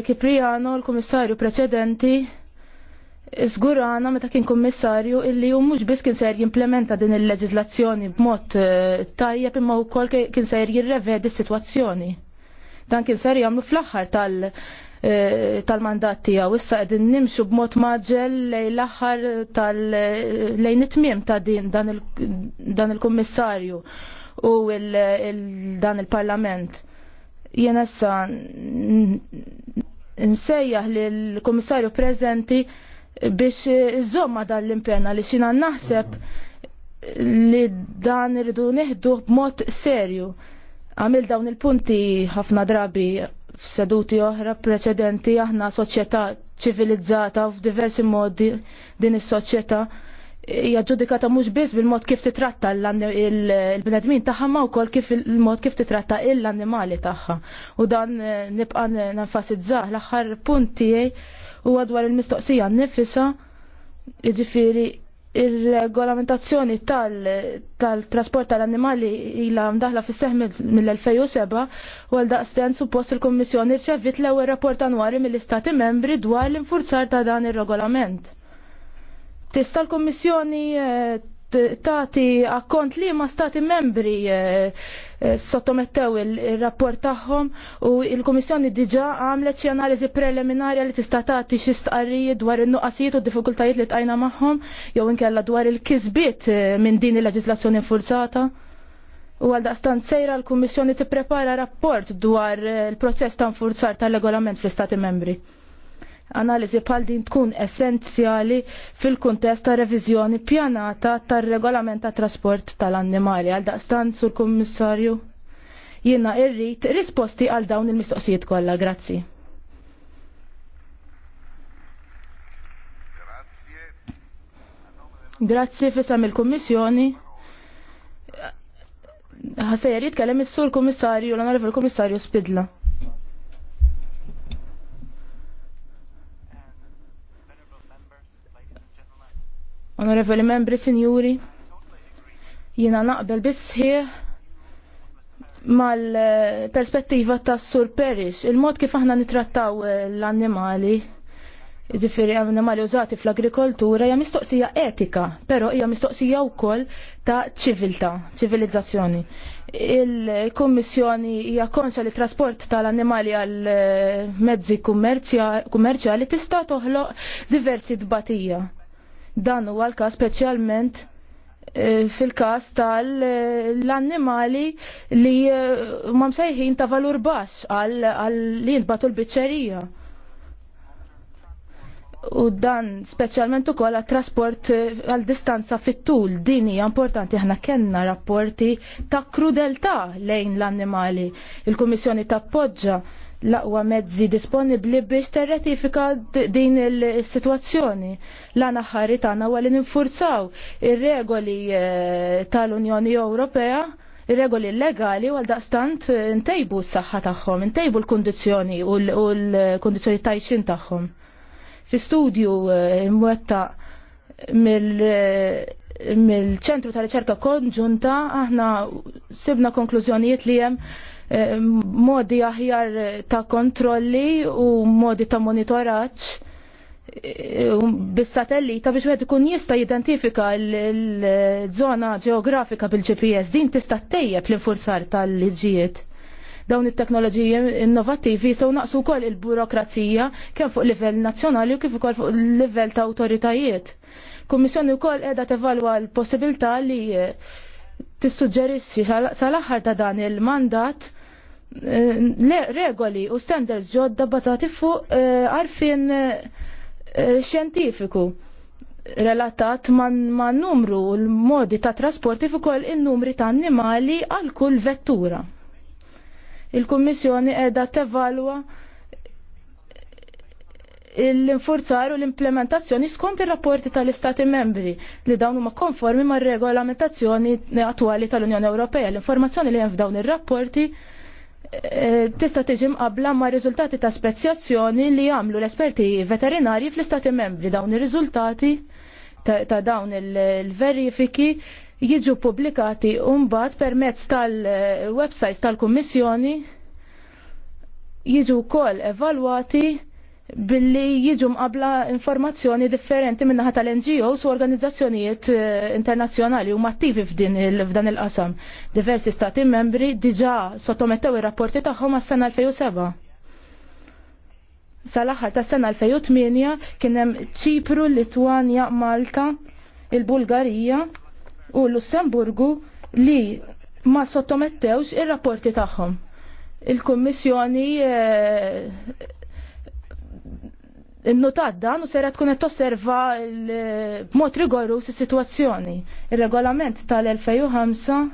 Kipriano, l-komissarju preċedenti, Zgurana meta kien kummissarju illi hu mhux biss kien ser jimplementa din il-leġiżlazzjoni b'mod eh, tajjeb imma wkoll kien ser jirrevedi s-sitwazzjoni. Dan kien ser jagħmlu fl-aħħar tal- eh, tal-mandat tiegħu issa qegħdin nimxu b'mod maġel lejn l-aħħar tal lejn it-tmiem ta' din dan il-kummissarju u dan il-parlament. Jien issa nsejjaħ lill-Kummissarju preżenti biex iżomma dan l-impenna li xina naħseb li dan irridu neħdu b'mod serju. Għamil dawn il-punti ħafna drabi f'seduti oħra preċedenti aħna soċjetà ċivilizzata f'diversi modi din is-soċjetà hija ġudikata mhux biss bil-mod kif titratta l-bnedmin tagħha ma wkoll kif il-mod kif titratta l-annimali tagħha. U dan eh, nibqa' nenfasizzah l-aħħar punt tiegħi huwa dwar il-mistoqsija nnifisha jiġifieri il-regolamentazzjoni tal-trasport tal-annimali ila mdaħla fis seħ mill-2007 u għal daqsten suppost il-Kommissjoni rċevit l-ewwel rapport annwali mill-Istati membri dwar l-infurzar ta' dan ir-regolament. Tista' l-Kummissjoni eh, tagħti akkont li ma stati membri eh, eh, sottomettew il-rapport tagħhom u il-Kummissjoni diġà għamlet xi analiżi preliminarja li tista' tagħti xi stqarrijiet dwar in-nuqqasijiet u d-diffikultajiet li tqajna magħhom jew inkella dwar il-kisbiet minn din il-leġislazzjoni forzata. U għal daqstan sejra l-Kummissjoni tipprepara rapport dwar il-proċess ta' nfurzar tal-regolament fl-Istati membri analiżi bħal din tkun essenzjali fil-kuntest ta' revizjoni pjanata tar-regolament trasport tal-annimali. Għal daqstan, sur Kommissarju. jiena irrit risposti għal dawn il-mistoqsijiet kollha. Grazzi. Grazzi fissam il-Kommissjoni. Ħasejjer jitkellem is-Sur Kummissarju, l-Onorevol kommissarju Spidla. Onorevoli membri, sinjuri, jina naqbel bisħieħ mal-perspettiva ta' Sur Perish, il-mod kif aħna nitrattaw l-annimali, ġifiri annimali użati fl-agrikoltura, hija mistoqsija etika, pero hija mistoqsija wkoll ta' ċiviltà, ċivilizzazzjoni. Il-Kommissjoni hija konxa li trasport tal-annimali għal eh, mezzi kummerċjali tista' toħloq diversi dbatija Dan huwa l-każ speċjalment eh, fil-każ tal-annimali li eh, ma msejħin ta' valur baxx għal li jintbatu l-biċċerija. U dan speċjalment ukoll għat trasport eh, għal distanza fit-tul din hija importanti aħna kellna rapporti ta' krudeltà lejn l-annimali. Il-Kummissjoni tappoġġa l-aqwa mezzi disponibli biex terratifika din il-situazzjoni. La naħħari tagħna għalli ninfurzaw ir-regoli eh, tal-Unjoni Ewropea, ir-regoli legali għal daqstant eh, ntejbu s-saħħa tagħhom, ntejbu l kondizjoni u l kondizjoni tajxin tagħhom. Fi studju eh, mwetta mill ċentru tal-riċerka konġunta aħna sibna konklużjonijiet li hemm Eh, modi aħjar ta' kontrolli u modi ta' monitoraġġ eh, bis-satellita biex wieħed ikun jista' jidentifika l-żona ġeografika bil-GPS din tista' tejjeb l-infurzar tal-liġijiet. Dawn it-teknoloġiji innovattivi sew naqsu wkoll il-burokrazija kemm fuq livell nazzjonali u kif ukoll fuq livell ta' awtoritajiet. Kummissjoni wkoll qiegħda tevalwa l-possibilità li tissuġġerixxi sal-aħħar ta' dan il-mandat Eh, regoli u standards ġodda bazati fuq eh, għarfien eh, xjentifiku relatat man numru u l-modi ta' trasporti fuq kol il-numri ta' annimali għal kull vettura. Il-Kummissjoni edha tevalwa l-infurzar u l-implementazzjoni skont ir-rapporti tal-Istati membri li dawn huma konformi mar-regolamentazzjoni attwali tal-Unjoni Ewropea. L-informazzjoni li hemm f'dawn ir-rapporti Eh, tista' tiġi mqabbla ma' riżultati ta' spezjazzjoni li jagħmlu l-esperti veterinari fl-istati membri dawn ir-riżultati ta' dawn il-verifiki jiġu pubblikati mbagħad permezz tal-websites eh, tal-Kummissjoni jiġu wkoll evalwati billi jiġu mqabla informazzjoni differenti minnaħa tal-NGOs u organizzazzjonijiet eh, internazzjonali u mattivi f'din f'dan il-qasam. Diversi stati membri diġa sottomettew ir-rapporti tagħhom għas-sena 2007. Sal-aħħar tas-sena 2008 kien hemm Ċipru, Litwanja, Malta, il-Bulgarija u l-Lussemburgu li ma sottomettewx ir-rapporti tagħhom. Il-Kummissjoni eh, Innutat dan u sera tkun qed tosserva b'mod rigorus is-sitwazzjoni. Ir-regolament tal-2005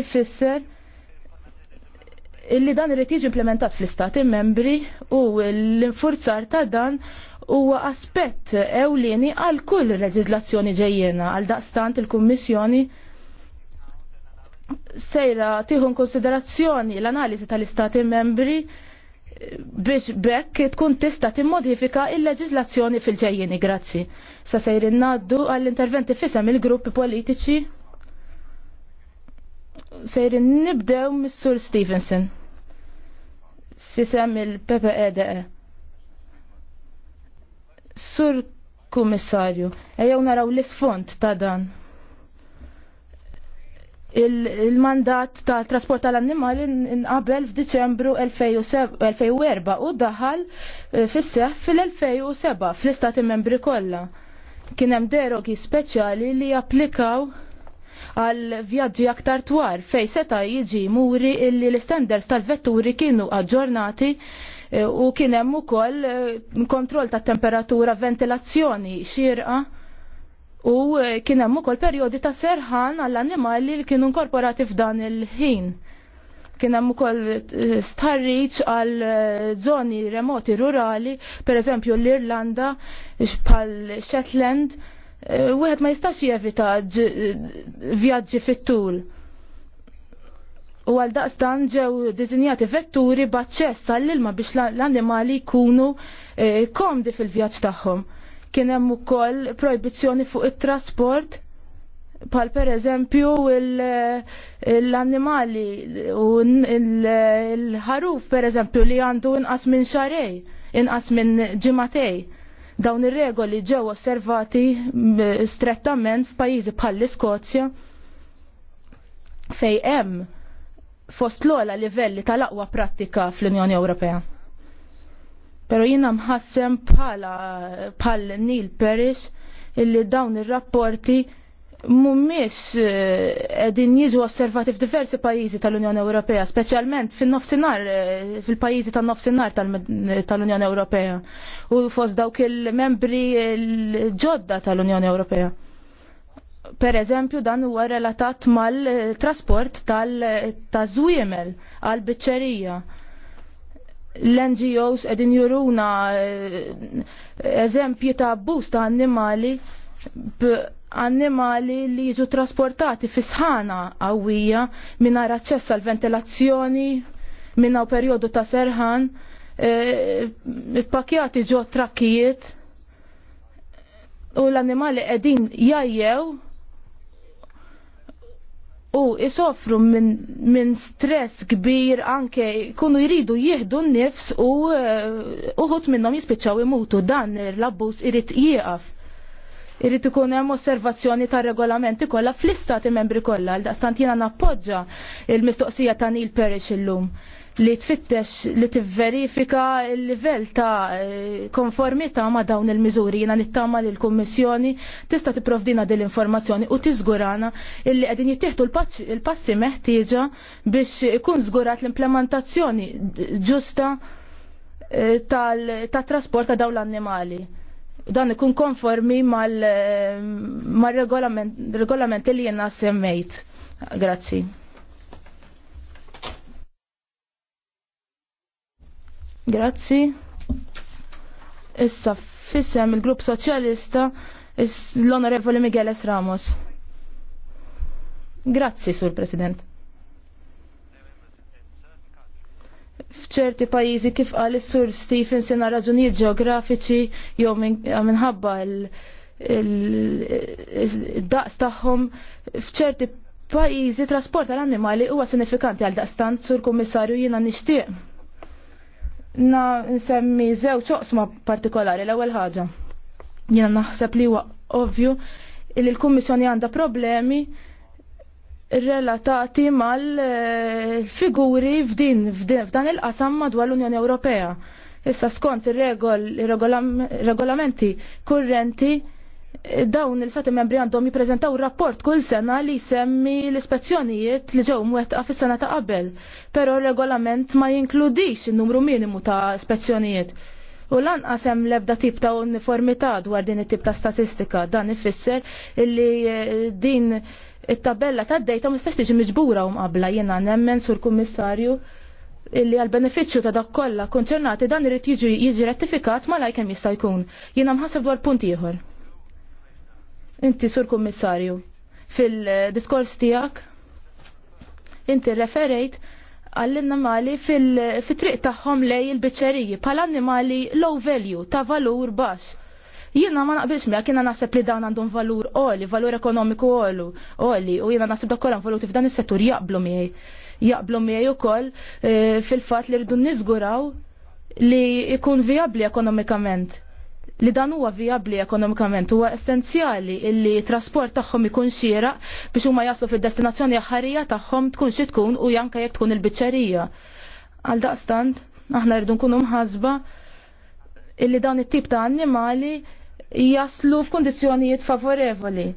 ifisser illi dan irid jiġi implementat fl-istati membri u l-infurzar ta' dan huwa aspett ewlieni għal kull leġiżlazzjoni ġejjena għal daqstant il-Kummissjoni sejra tieħu konsiderazzjoni l-analiżi tal-istati membri biex bekk tkun tista' timmodifika il leġislazzjoni fil-ġejjini, grazzi. Sa sejrin naddu għall-interventi fisem il-gruppi politiċi. Sejrin nibdew mis-Sur Stevenson. Fissam il-PPEDE. E. Sur Kummissarju, ejjaw naraw l-isfond ta' dan il-mandat tal-trasport tal-annimali inqabel f'Diċembru 2004 u daħal eh, fis-seħ fil-2007 fl-istati membri kollha. Kien hemm derogi speċjali li japplikaw għal vjaġġi aktar twar fej seta jiġi muri illi l-standards tal-vetturi kienu aġġornati eh, u kien hemm ukoll eh, kontroll tat-temperatura, ventilazzjoni xirqa' U eh, kien hemm ukoll perjodi ta' serħan għall-annimali li kienu inkorporati f'dan il-ħin. Kien hemm ukoll eh, starriċ għal żoni eh, remoti rurali, pereżempju l-Irlanda bħal Shetland, wieħed ma jistax jevita vjaġġi fit-tul. U għal daqstan ġew diżinjati vetturi b'aċċess għall-ilma biex l-annimali jkunu komdi fil-vjaġġ tagħhom Kien hemm ukoll proibizzjoni fuq it-trasport pal per eżempju l-annimali u l-ħaruf per eżempju li għandu inqas minn xarej, inqas minn ġimatej. Dawn ir-regoli ġew osservati eh, strettament f'pajjiżi bħal l-Iskozja fej hemm fost l-ola livelli tal-aqwa prattika fl-Unjoni Ewropea. Pero jina mħassem pala, bħal Neil Peris illi dawn ir-rapporti mummis eh, edin jiġu osservati f'diversi pajjiżi tal-Unjoni Ewropea, speċjalment fin-nofsinhar eh, fil-pajjiżi tan-nofsinhar tal-Unjoni Ewropea u fost dawk il-membri ġodda tal-Unjoni Ewropea. Per eżempju, dan huwa relatat mal-trasport eh, tal-żwiemel għal-biċċerija. tal biċċerija l-NGOs edin juruna eh, eżempju ta' abbuż ta' annimali annimali li jiġu trasportati fi sħana qawwija mingħajr aċċess għal ventilazzjoni minna perjodu ta' serħan eh, pakjati ġo trakkijiet u l-annimali qegħdin jajjew u isofru minn min stress kbir anke kunu jridu jieħdu n-nifs u eh, uħut minnom jispiċċaw imutu dan l-abbus irrit jieqaf. Irrit ikun hemm osservazzjoni ta' regolamenti kollha fl-istati membri kollha għal daqstant jiena nappoġġa il-mistoqsija ta' Neil Parish illum li tfittex li tivverifika il-livell ta' konformità ma' dawn il-miżuri jiena nittama li l-Kummissjoni tista' tipprovdina din l-informazzjoni u tiżgurana illi qegħdin jittieħdu l-passi meħtieġa biex ikun żgurat l-implementazzjoni ġusta eh, ta' trasport ta' dawn l-annimali. Dan ikun konformi eh, mal-regolamenti li jena semmejt. Grazzi. Grazzi. Issa fissem il-Grupp Soċjalista l-Onorevoli S. Ramos. Grazzi, Sur President. f'ċerti pajjiżi kif qal is-sur Stephen sena raġunijiet ġeografiċi jew minħabba il-daqs tagħhom f'ċerti pajjiżi trasport tal-annimali huwa sinifikanti għal daqstant sur kummissarju jiena nixtieq na nsemmi żew ċoqsma partikolari l-ewwel ħaġa. Jiena naħseb li huwa ovvju li l-Kummissjoni għandha problemi relatati mal-figuri eh, f'din f'dan il-qasam madwar l-Unjoni Ewropea. Issa skont ir-regolamenti kurrenti dawn il-sati membri għandhom jiprezentaw rapport kull sena li semmi l-ispezzjonijiet li ġew mwetqa fis-sena ta' qabel, però regolament ma jinkludix in-numru minimu ta' ispezzjonijiet. U lanqas hemm l-ebda tip ta' uniformità dwar din it-tip ta' statistika dan ifisser li eh, din it-tabella ta' dejta mistax tiġi miġbura u mqabla jiena nemmen sur kummissarju illi għal beneficju ta' dak kollha konċernati dan irid jiġi jiġi rettifikat malaj kemm jista' jkun. Jiena mħasseb dwar punt ieħor. Inti sur kummissarju, fil-diskors tijak, inti referejt għall innamali fil-triq taħħom lej il-bicċeriji, pal-annimali low value, ta' valur bax. Jiena ma naqbilx miegħek jiena naħseb li dawn għandhom valur oli, valur ekonomiku oli, oli u jiena naħseb dakkolan valuti f'dan is-settur jaqblu miegħi. Jaqblu u ukoll eh, fil-fatt li rridu niżguraw li jkun viabli ekonomikament li dan huwa vijabli ekonomikament huwa essenzjali illi trasport tagħhom ikun xieraq biex huma jaslu fid-destinazzjoni aħħarija tagħhom tkun xi tkun u janka jekk tkun il-biċċerija. Għal daqstant, aħna rridu nkunu mħasba illi dan it-tip ta' annimali jaslu f'kundizzjonijiet favorevoli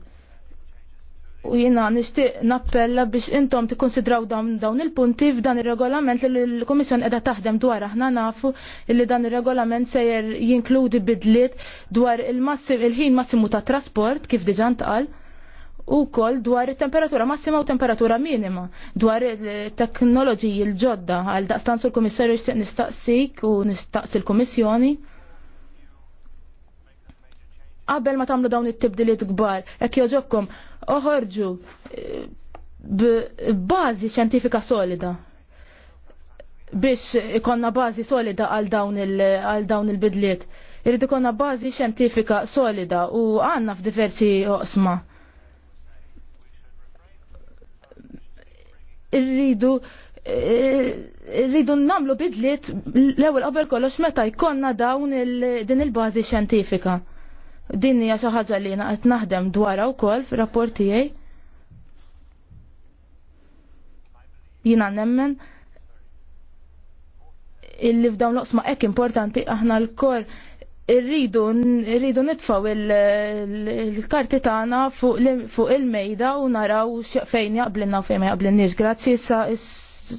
u jina nishtiq nappella biex intom tikkonsidraw dawn il-punti f'dan il-regolament li l-Komissjon edha taħdem dwar aħna nafu li dan il-regolament sejjer jinkludi bidliet dwar il-massim il-ħin massimu ta' trasport kif diġan ntqal u kol dwar il-temperatura massima u temperatura minima dwar il-teknoloġiji l-ġodda għal daqstanzu l-Komissarju nistaqsik u nistaqsi l-Komissjoni qabel ma tagħmlu dawn it-tibdiliet kbar, jekk joġobkom oħorġu eh, b'bażi xjentifika solida biex ikonna bażi solida għal dawn il-bidliet. Irid ikonna bażi xjentifika solida u għandna f'diversi oqsma. Irridu eh, rridu namlu bidliet l-ewwel qabel kollox meta jkollna dawn din il-bażi xjentifika. Din hija xi ħaġa li jiena qed naħdem dwarha wkoll fir-rapport tiegħi. Jiena nemmen illi f'dawn l-oqsma hekk importanti aħna l-kor irridu irridu nitfaw il-karti tagħna fuq il-mejda u naraw fejn jaqblinna u fejn ma jaqblinniex. Grazzi issa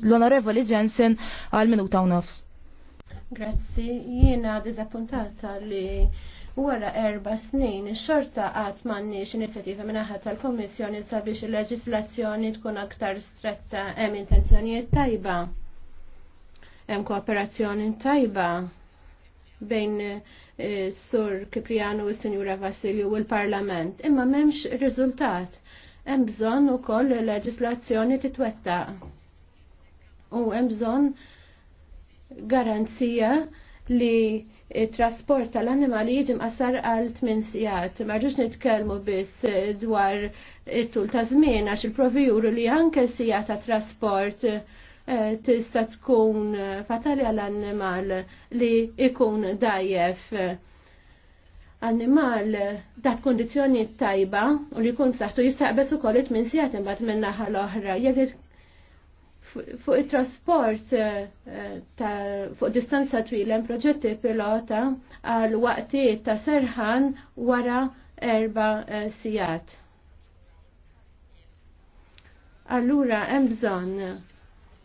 l-Onorevoli Jensen għal minuta u nofs. Grazzi, jiena diżappuntata li wara erba snin, xorta għat x inizjativa minnaħa tal-Komissjoni sabiex il-leġislazzjoni tkun aktar stretta hemm intenzjonijiet tajba. Hemm kooperazzjoni tajba bejn eh, Sur Kipriano u Sinjura Vassilju u l-Parlament, imma memx riżultat. Hemm bżonn ukoll leġislazzjoni titwettaq. U hemm bżonn garanzija li il-trasport tal-annimali jiġi mqassar għal 8 sigħat. Ma rridux nitkellmu biss eh, dwar it-tul ta' żmien għax il-provi juru li anke sigħat ta' trasport eh, tista' tkun eh, fatali għall annimal li ikun dajjef. Annimal dat kondizjoni tajba u li jkun saħħtu jistaqbes ukoll it-tmin sigħat imbagħad minn naħa l-oħra. Jekk fuq it-trasport eh, fuq distanza twila proġetti pilota għal waqti ta' serħan wara erba eh, sijat. Allura hemm bżonn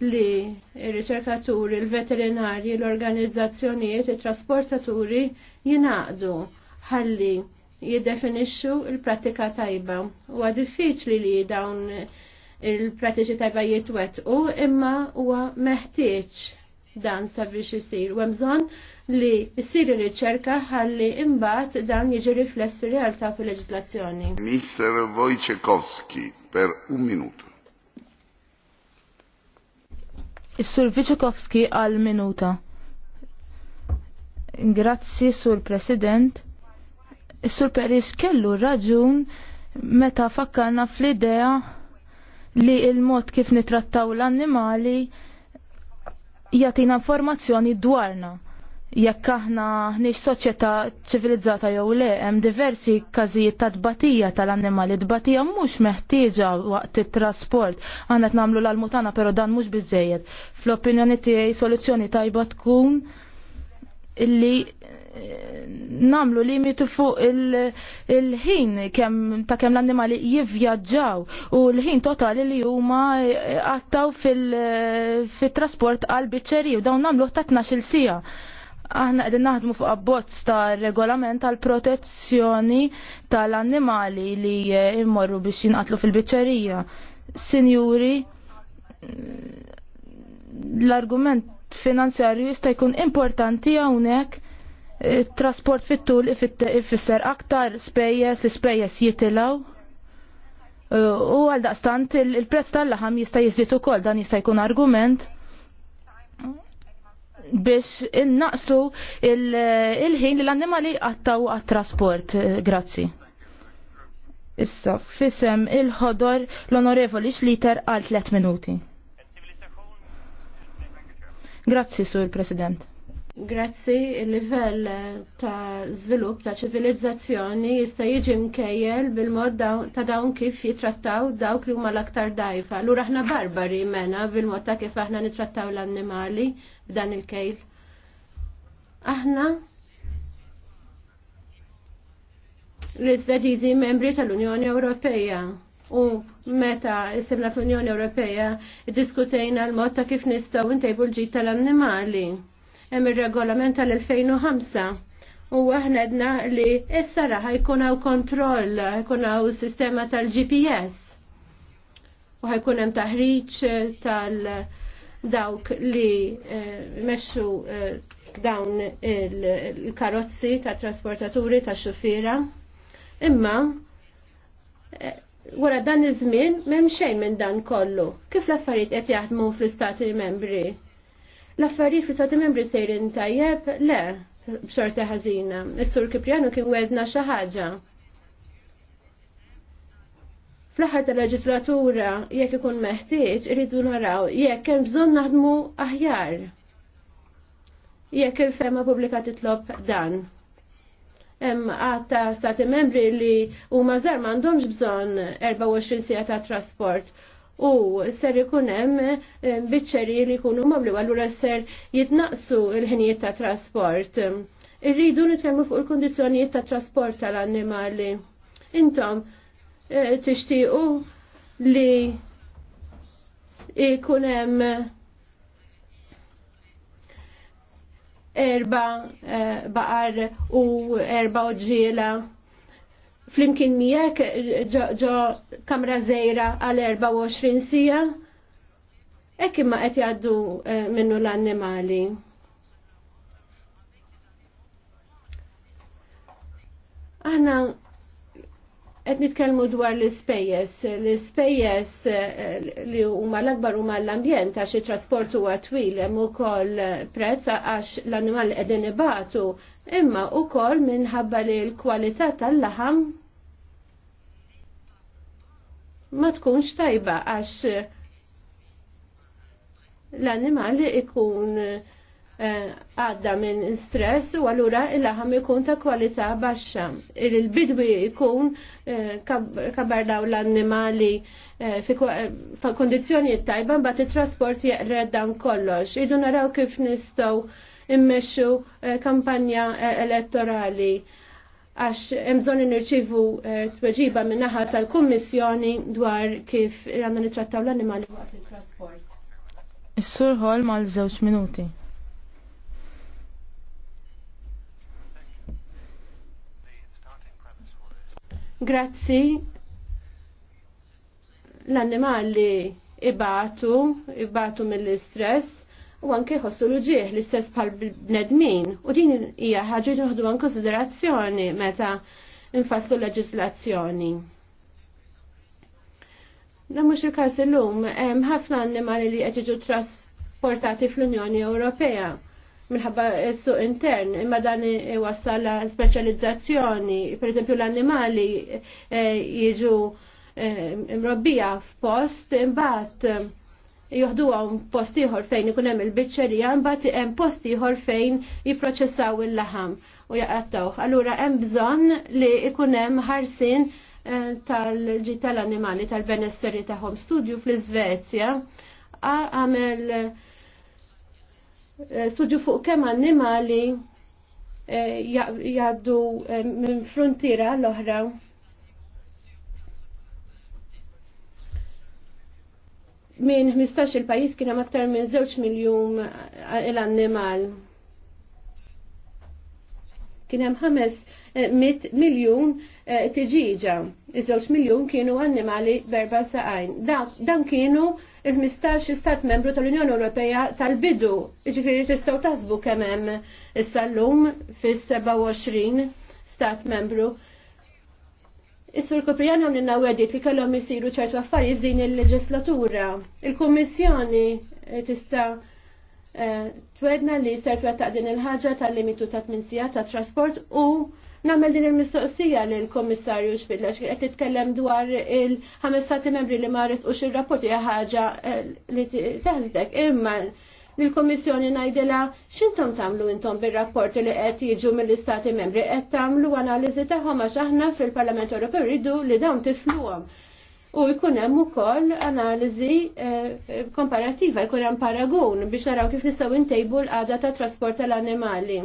li r riċerkaturi il-veterinarji, l-organizzazzjonijiet, it-trasportaturi jinaqdu ħalli jiddefinixxu l-prattika tajba. Huwa diffiċli li dawn il-pratiċi tajba u imma huwa meħtieġ dan sabiex isir. U bżonn li jsir riċerka ħalli imbagħad dan jiġi rifless fir-realtà fil-leġislazzjoni. Mister Wojciechowski per un minuto. Is-Sur Wojciechowski għal minuta. Grazzi Sur President. Is-Sur Peris kellu raġun meta fakkarna fl-idea li il-mod kif nitrattaw l-annimali jatina informazzjoni dwarna. Jekk aħna ħniex soċjetà ċivilizzata jew le, hemm diversi każijiet ta' tbatija tal-annimali. Tbatija mhux meħtieġa waqt it-trasport. Aħna qed nagħmlu l-almutana però dan mhux biżejjed. Fl-opinjoni tiegħi soluzzjoni tajba tkun illi namlu limitu fuq il-ħin ta' kem, ta' kemm l-annimali jivvjaġġaw u l-ħin totali li huma eh, għattaw fil-trasport eh, għal biċċeri u dawn namlu ta' 12 sija. Aħna qegħdin naħdmu fuq abbozz ta' regolament tal protezzjoni tal-annimali li eh, immorru biex jinqatlu fil-biċċerija. Sinjuri, l-argument finanzjarju jista' jkun importanti hawnhekk trasport fit-tul ifisser aktar spejjeż, l-spejjeż jitilaw. U għal daqstant il-prezz tal-laħam jista' jiżdied ukoll dan jista' jkun argument biex innaqsu il-ħin li l-annimali għattaw għat-trasport. Grazzi. Issa, fissem il-ħodor l-onorevoli xliter għal 3 minuti. Grazzi, Sur President. Grazzi, il-livell ta' żvilupp ta' ċivilizzazzjoni jista' jiġi mkejjel bil-mod ta' dawn kif jitrattaw dawk li huma l-aktar dajfa. Lura aħna barbari mena bil-mod ta' kif aħna nitrattaw l-annimali b'dan il-kejl. Aħna l-istadizi membri tal-Unjoni Ewropeja u meta isibna fl-Unjoni Ewropeja diskutejna l-mod ta' kif nistgħu ntejbu l-ġid tal-annimali hemm ir-regolament tal-2005. U aħna edna li issa raħ jkun hawn kontroll, jkun hawn sistema tal-GPS. U ħajkun hemm taħriġ tal-dawk li eh, mexxu eh, dawn il-karozzi ta' trasportaturi ta' xufiera. Imma eh, wara dan iż-żmien m'hemm xejn minn dan kollu. Kif l-affarijiet qed jaħdmu fl-istati membri? L-affarijiet fi sati membri sejrin tajjeb, le, b'xorta ħażina. Is-Sur Kipriano kien wedna xi ħaġa. Fl-aħħar tal-leġislatura jekk ikun meħtieġ iridu naraw jekk hemm bżonn naħdmu aħjar. Jekk il-fema pubblika titlob dan. Hemm ta' stati membri li huma żar m'għandhomx bżonn 24 sija ta' trasport u ser ikun hemm eh, biċċerji li jkunu mablu, allura ser jitnaqsu l-ħinijiet ta' trasport. Irridu nitkellmu fuq il-kondizzjonijiet ta' trasport tal-annimali. Intom eh, tixtiequ li ikun hemm eh, erba baqar u erba oġġiela flimkien miegħek ġo kamra żejra għal 24 sija hekk imma qed jgħaddu eh, minnu l-annimali. Aħna qed nitkellmu dwar l-ispejjeż. L-ispejjeż eh, li huma l-akbar huma l-ambjent għax it-trasport huwa twil hemm ukoll prezz għax l-annimali qegħdin ibatu imma wkoll minħabba li l-kwalità tal-laħam ma tkunx tajba għax eh, l animali ikun eh, għadda minn stress u għallura il-laħam ikun ta' kwalità baxxa. Il-bidwi ikun eh, kabardaw l-annimali fa' kondizjoni tajba mbagħad it-trasport jeqred dan kollox. Idu naraw kif nistgħu uh, kampanja elettorali għax jemżon nirċivu eh, tweġiba min-naħa tal-Kommissjoni dwar kif għanna nitrattaw l-animali waqt il-trasport. Is-sur ħol mal żewġ minuti. Grazzi. L-annimali ibatu, ibatu mill-istress, u anke jħossu l-ġieħ l-istess bħal bnedmin u din hija ħaġa li nħdu konsiderazzjoni meta nfasslu leġislazzjoni. Dan mhux il-każ illum hemm ħafna annimali li qed jiġu trasportati fl-Unjoni Ewropea minħabba s-suq intern, imma dan la specializzazzjoni, per esempio l-annimali eh, jiġu imrobbija eh, f'post, imbagħad juhdu għom post ieħor fejn ikun hemm il-biċċerija, mbagħad hemm post ieħor fejn jipproċessaw il-laħam u jaqattawh. Allura hemm bżonn li ikun hemm ħarsin eh, tal-ġi tal-animali tal benesteri tagħhom. Studju fl-Iżvezja għamel eh, studju fuq kemm annimali eh, jaddu minn frontiera l-oħra minn 15 il-pajis kienem aktar minn 2 miljon l-annimal. Kienem 500 eh, miljon eh, tiġiġa. Iż-żewġ miljon kienu annimali berba saqajn. Dan kienu il-15 stat membru tal-Unjoni Ewropea tal-bidu. jiġifieri tistgħu tasbu kemm hemm issa llum fis-27 stat membru Is-Sur Koprijan għamli nawedit li kellhom jisiru ċertu affarijiet din il-leġislatura. Il-Kummissjoni eh, tista' eh, twedna li ser twettaq din il-ħaġa tal-limitu ta' tminsija ta' trasport u nagħmel din il-mistoqsija lil kommissarju xbidla qed titkellem dwar il-ħames membri li ma u ir-rapporti hija ħaġa eh, li teħżdek imma l-Komissjoni najdela xintom tamlu intom bil-rapporti li qed jiġu mill-Istati membri qed tamlu analiżi tagħhom għax aħna fil-Parlament Ewropew rridu li dawn tifluhom. U jkun hemm ukoll analiżi eh, komparativa, jkun hemm paragun biex naraw kif nistgħu ntejbu l-qagħda ta' trasport tal-annimali.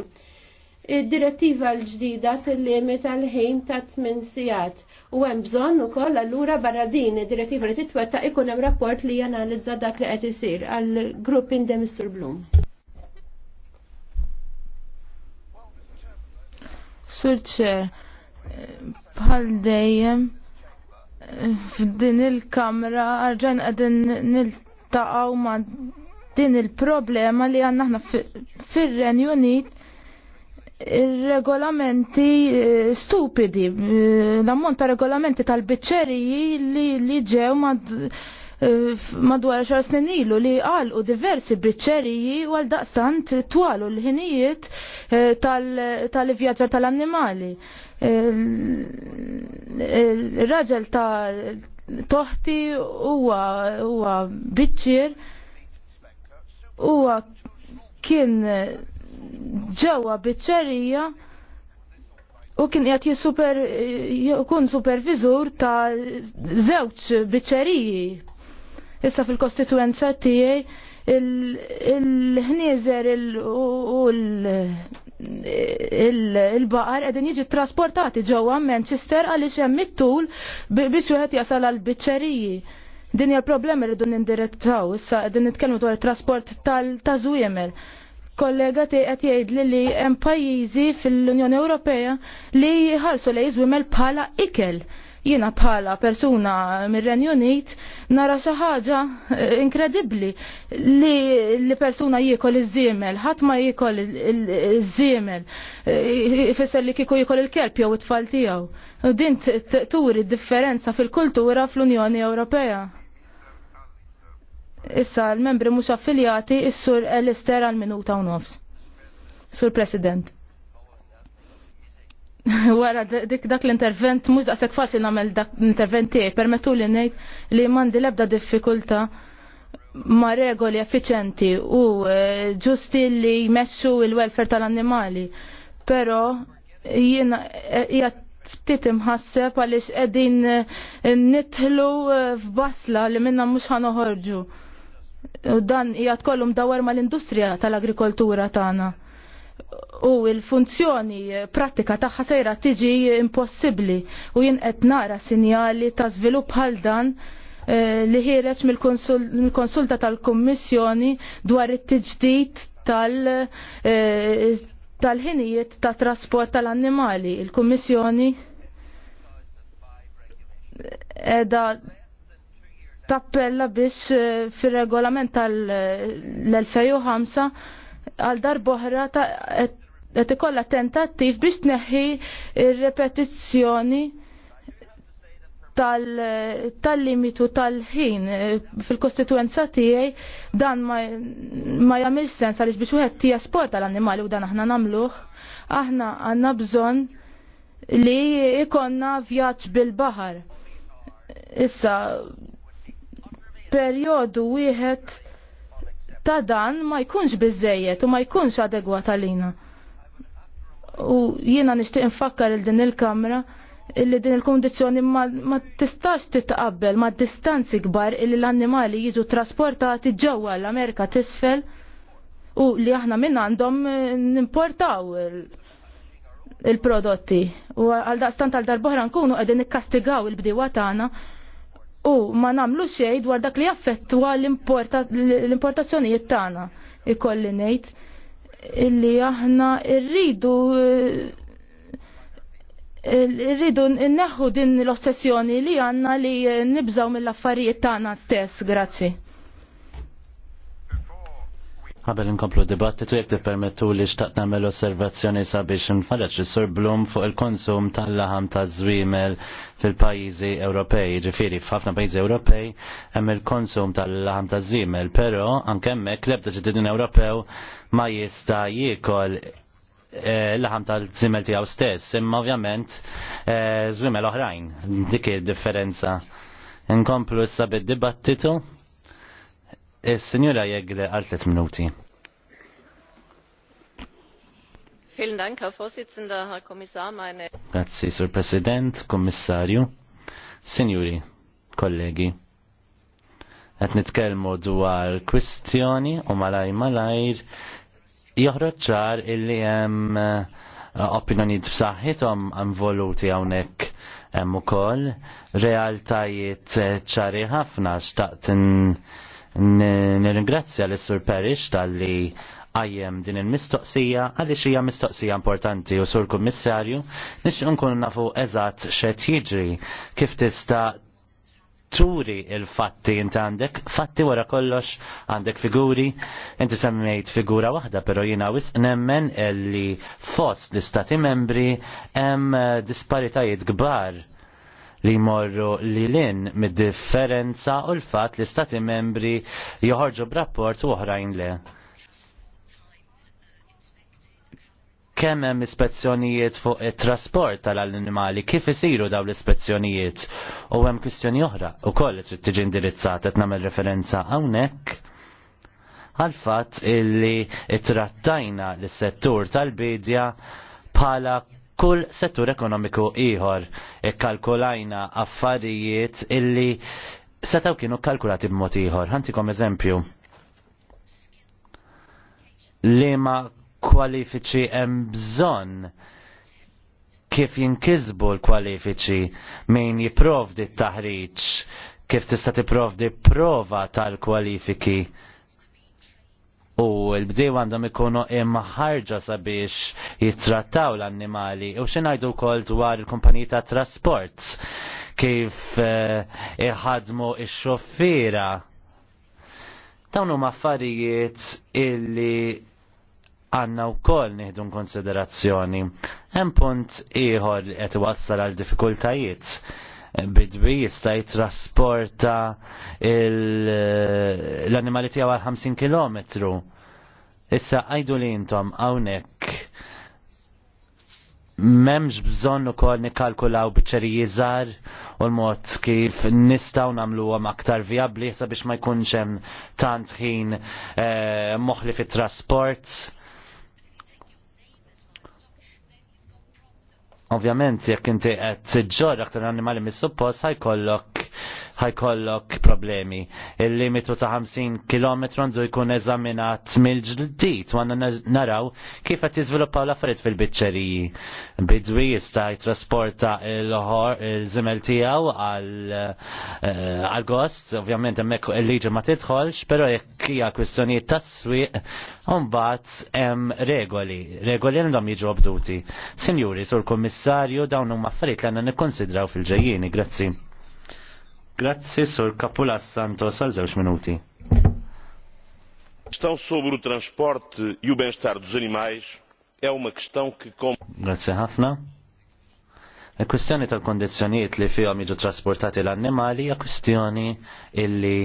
Id-direttiva l-ġdida tillimita l-ħin ta' 8 sigħat u hemm bżonn ukoll allura barra din id-direttiva li titwettaq ikun hemm rapport li janalizza dak li qed isir għall grupp de Mr. Blum. Sur Chair, bħal dejjem f'din il-kamra arġan għadin niltaqaw ma' din il-problema li għanna fir-Renju Unit regolamenti eh, stupidi, eh, l-ammont ta' regolamenti tal-biċċeriji li, li ġew mad, eh, madwar xar snin ilu li u diversi biċċeriji għal daqstant twalu l-ħinijiet tal-vjaġġar tal-annimali. Il-raġel ta' toħti huwa biċċier huwa kien ġewwa biċċerija u kien qed jisuper jkun supervizur ta' żewġ biċċeriji. Issa fil-kostituenza tiegħi il-ħnieżer u il-baqar qegħdin jiġi trasportati ġewwa Manchester għaliex hemm it-tul biex wieħed jasal għall biċċeriji. Din hija l-problema rridu nindirizzaw issa qegħdin nitkellmu dwar it-trasport tal-tażwiemel. tal tażwiemel kollega ti qed jgħidli li hemm pajjiżi fil-Unjoni Ewropea li jħarsu li jiżwimel bħala ikel. Jiena bħala persuna mir-Renju Unit nara xi ħaġa eh, inkredibbli li li persuna jiekol iż-żiemel, ħadd ma jiekol iż-żiemel, eh, ifisser li kieku jiekol il-kelb jew it-tfal tiegħu. Din turi d differenza fil-kultura fl-Unjoni Ewropea. Issa l-membri mhux affiljati is-sur Elister għal minuta u nofs. Sur President. Wara dik dak l-intervent mhux daqshekk faċli nagħmel dak l-intervent tiegħi permettu li ngħid li m'għandi l-ebda diffikultà ma' regoli effiċenti u e, ġusti li jmexxu il-welfare tal-annimali. Però jiena qiegħed e, ftit imħasseb għaliex qegħdin e, nitħlu f'basla li minna mhux ħanoħorġu. U dan jgħat dawar ma mal-industrija tal-agrikoltura tagħna. U il-funzjoni pratika tagħha sejra tiġi impossibbli u jien qed nara sinjali ta' żvilupp bħal dan eh, li ħireġ mill-konsulta tal-Kummissjoni dwar it-tiġdid tal- eh, tal-ħinijiet ta' trasport tal-annimali. Il-Kummissjoni edha tappella biex eh, fil-regolament tal-2005 għal darboħra qed ikollha tentattiv biex tneħħi il repetizzjoni tal-limitu tal-ħin fil-kostituenza tiegħi dan ma jagħmilx sens għaliex biex wieħed sport tal-annimali u dan aħna nagħmluh. Aħna għandna bżonn li ikonna vjaġġ bil-baħar. Issa perjodu wieħed ta' dan ma jkunx biżejjed u ma jkunx adegwat għalina. U jiena nixtieq infakkar il din il-kamra illi din il-kondizjoni ma tistax titqabbel ma distanzi kbar illi l-annimali jiġu trasportati ġewwa l-Amerika tisfel u li aħna minn għandhom eh, nimportaw il-prodotti. U għal daqstant għal darbohra nkunu qegħdin nikkastigaw il bdiwa tagħna u ma namlu xej dwar dak li jaffettwa l-importazzjonijiet tagħna. Ikolli ngħid illi aħna rridu eh, rridu nneħħu din l-ossessjoni li għanna li nibżaw mill-affarijiet tagħna stess, grazzi. Għabel nkomplu dibattitu jek permettu li xtaqt namel osservazzjoni sabiex nfarraċ sur Blum fuq il-konsum tal-laħam ta' zwimel fil-pajizi Ewropej. Ġifiri, f'ħafna pajizi Ewropej hemm il-konsum tal-laħam ta' zwimel, pero anke hemmhekk l-ebda ċittadin Ewropew ma jista' jiekol eh, laħam tal-zimel tijaw stess, imma ovvjament zwimel eh, oħrajn, dik differenza. Nkomplu issa bid-dibattitu. Is-Sinjura Jegle għal tlet minuti. Vielen Dank, Herr Vorsitzender, Herr Kommissar, meine... Grazie, Sir President, Kommissarju, Signori, kollegi. Għet nitkelmu dwar kwistjoni u malaj malajr joħroċċar illi jem eh, opinjoni b'saħħithom involuti hawnhekk hemm ukoll realtajiet eh, ċari ħafna xtaqt Nirringrazzja l sur Parish tal-li għajjem din il-mistoqsija għalli xija mistoqsija importanti u sur kummissarju nix nkun nafu eżat xet jiġri kif tista turi il-fatti inti għandek fatti wara kollox għandek figuri inti semmejt figura waħda pero jina wis nemmen li fost l-istati membri hemm disparitajiet kbar li jmorru li l-in mid-differenza u l-fat li stati membri joħorġu b'rapport u oħrajn le. kemm hemm ispezzjonijiet fuq it-trasport tal-annimali, kif isiru daw l-ispezzjonijiet? U hemm kwistjoni oħra U li trid tiġi indirizzata qed nagħmel referenza hawnhekk għal fatt illi trattajna l-settur tal-bidja bħala kull settur ekonomiku ieħor. Ikkalkulajna affarijiet illi setaw kienu kalkulati b'mod ieħor. Ħantikom eżempju. Lima kwalifiċi hemm bżonn kif jinkisbu l-kwalifiċi min jiprovdi t-taħriġ, kif tista' tipprovdi prova tal-kwalifiki u l-bdew għandhom ikunu imħarġa sabiex jittrattaw l-annimali u xinajdu kol dwar il-kumpaniji ta' trasport kif eh, iħadmu ix-xoffira. Dawn huma affarijiet illi għanna u koll nieħdu konsiderazzjoni. Hemm punt ieħor li qed iwassal għal diffikultajiet bidwi jista' jitrasporta l animali tiegħu għal 50 km. Issa għajdu li intom hawnhekk memx bżonn ukoll nikkalkulaw biċċeriji żgħar u l-mod kif nistgħu nagħmluhom aktar vijabbli sabiex ma jkunx hemm tant ħin eh, moħli fit-trasport Ovvjament, jekk inti qed tiġġor aktar animali mis-suppost ħajkollok ħajkollok problemi. Il-limitu ta' 50 km għandu jkun eżaminat mill-ġdid għanna naraw kif qed jiżviluppaw l-affarijiet fil-biċċeriji. Bidwi jista' jitrasporta l-ħor il-żimel tiegħu eh, għal gost, ovvjament hemmhekk il-liġi ma tidħolx, pero jekk hija kwistjonijiet tas-swieq, mbagħad hemm regoli, regoli għandhom jiġu obduti. Sinjuri, sur Kummissarju, dawn huma affarijiet li għandna nikkonsidraw fil ġejjini grazzi. Grazzi Sor Kapula Santos għal żewġ minuti. Questão sobre o transporte e o bem-estar dos animais é uma questão que como Grazie ħafna. La e questione tal-kondizjonijiet li fihom jiġu trasportati l-annimali hija kwistjoni illi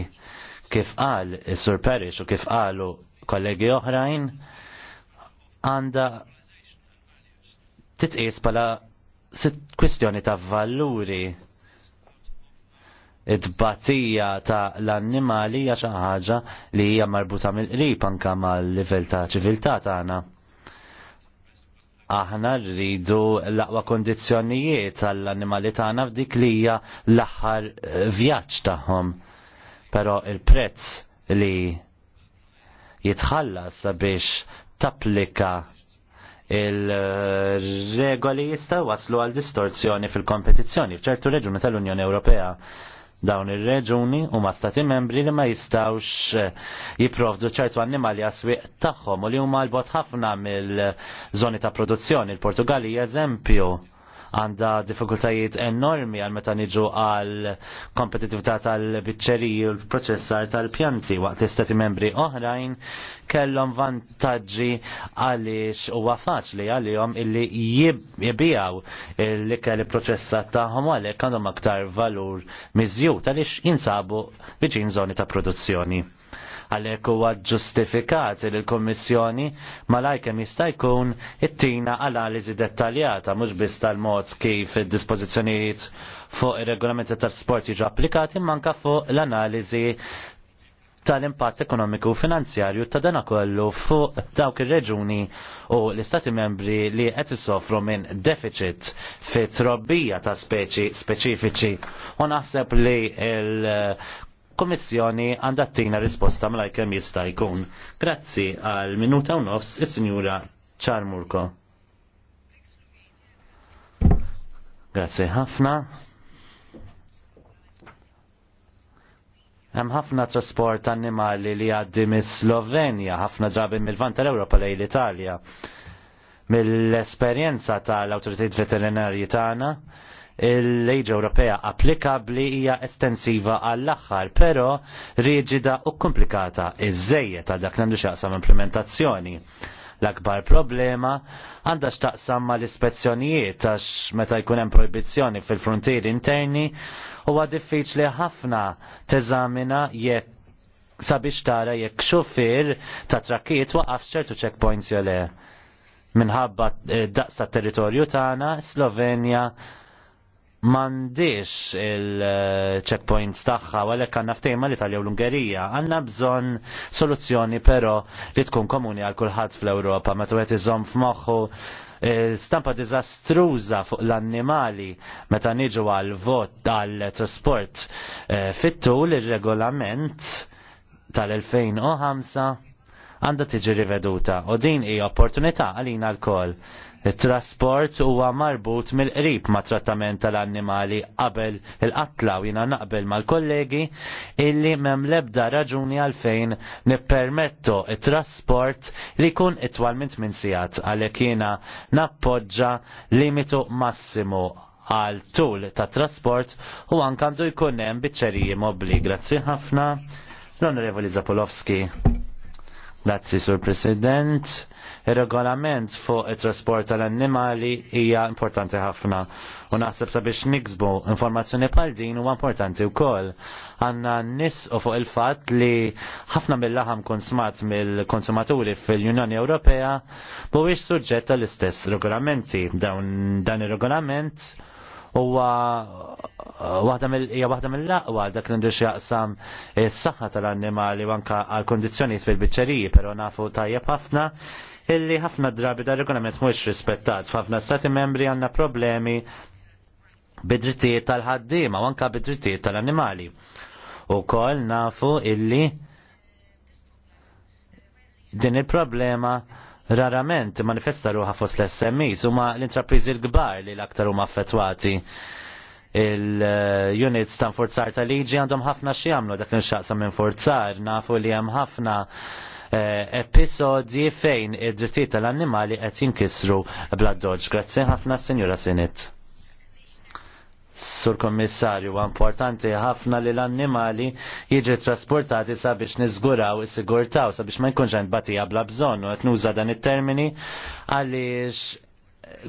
kif qal is-Sur Parish u kif qalu kollegi oħrajn għandha titqis bħala kwistjoni ta' valuri it-batija ta' l-annimali hija xi ħaġa li hija marbuta mill-qrib anke mal-livell ta' ċiviltà tagħna. Aħna rridu l-aqwa kondizzjonijiet tal-annimali tagħna f'dik li hija l-aħħar eh, vjaġġ tagħhom. Però il-prezz li jitħallas sabiex tapplika il-regoli jistaw waslu għal distorzjoni fil-kompetizzjoni f'ċertu reġuni tal-Unjoni Ewropea Dawn ir-reġuni huma stati membri li ma jistawx eh, jiprovdu ċertu annimali għaswiq tagħhom u li huma l-bot ħafna mill-żoni ta' produzzjoni. Il-Portugali eżempju għandha diffikultajiet enormi għal meta niġu għal kompetitività tal-biċċeriji u l-proċessar tal-pjanti waqt istati membri oħrajn kellhom vantaġġi għaliex huwa faċli għalihom illi jibijaw l-ikel proċessa tagħhom għalhekk għandhom aktar valur miżjut għaliex jinsabu biċin zoni ta' produzzjoni għalhekk huwa ġustifikat li l-Kummissjoni malajkem jista' jkun ittina analiżi dettaljata mhux biss tal-mod kif id-dispożizzjonijiet fuq ir-regolamenti tal-sport jiġu applikati manka fuq l-analiżi tal-impatt ekonomiku u finanzjarju ta' dana kollu fuq dawk ir-reġuni u l-istati membri li qed isofru minn deficit fit trobbija ta' speċi speċifiċi. U naħseb li l Kommissjoni għandha tina risposta mela kemm jista' jkun. Grazzi għal minuta u nofs is-Sinjura Ċarmurko. Grazzi ħafna. Hemm ħafna trasport annimali li għaddi mis Slovenja, ħafna drabi mill-vant tal-Ewropa lejn l-Italja. Mill-esperjenza tal-awtoritajiet veterinarji tagħna, il-leġi Ewropea applikabli hija estensiva għall-aħħar, però riġida u komplikata iż-żejjed għal dak nandu xaqsam implementazzjoni. L-akbar problema għandha x'taqsam mal ispezzjonijiet għax meta jkun hemm proibizzjoni fil-frontieri interni huwa diffiċli ħafna teżamina jekk sabiex tara jekk xufir ta' trakkiet waqaf ċertu checkpoints jole minħabba eh, daqsa territorju tagħna Slovenja mandiex il-checkpoints tagħha għalhekk għandna ftehma l-Italja u l-Ungerija. Għandna bżonn soluzzjoni però li tkun komuni għal kulħadd fl-Ewropa meta wieħed iżomm f'moħħu stampa dizastruża fuq l-annimali meta niġu għal vot għal trasport eh, fittu tul ir-regolament tal-2005 għandha tiġi riveduta u din hija opportunità għalina l-koll trasport huwa marbut mill-qrib ma' trattament tal-annimali qabel il-qatla u jina naqbel mal-kollegi illi mem lebda raġuni għalfejn nippermettu trasport li kun itwal minn minn sijat għalhekk jiena nappoġġa limitu massimu għal tul ta' trasport u għankandu jkun hemm biċċeriji mobli. Grazzi ħafna l-Onorevoli Zapolowski. Grazzi, Sur President Ir-regolament fuq it-trasport tal-annimali hija importanti ħafna u naħseb sabiex niksbu informazzjoni bħal din huwa importanti wkoll. Għandna u fuq il-fatt li ħafna mill-laħam konsmat mill-konsumaturi fil-Unjoni Ewropea mhuwiex suġġett tal-istess regolamenti. Dawn dan ir-regolament huwa waħda mill waħda mill dak li ndux jaqsam is-saħħa tal-annimali u anke għal kondizzjonijiet fil-biċċeriji, però nafu tajjeb ħafna illi ħafna drabi dar regolament mhuwiex rispettat f'ħafna stati membri għandna problemi bidrittijiet tal-ħaddiema u anka bidrittijiet tal-annimali. U koll nafu illi din il-problema rarament manifesta ruħa fost l-SMEs huma l-intrapriżi l gbar li l-aktar huma affettwati il-units ta' forzar tal-liġi għandhom ħafna xi jagħmlu dak li nxaqsam minn forzar nafu li hemm ħafna Eh, episodji fejn id-drittijiet tal-annimali qed jinkisru bla doġġ. Grazzi ħafna, Sinjura Sinit. Sur Kommissarju, importanti ħafna li l-annimali jiġi trasportati sabiex niżguraw is-sigurtaw sabiex ma jkunx hemm batija bla bżonn u qed nuża dan it-termini għaliex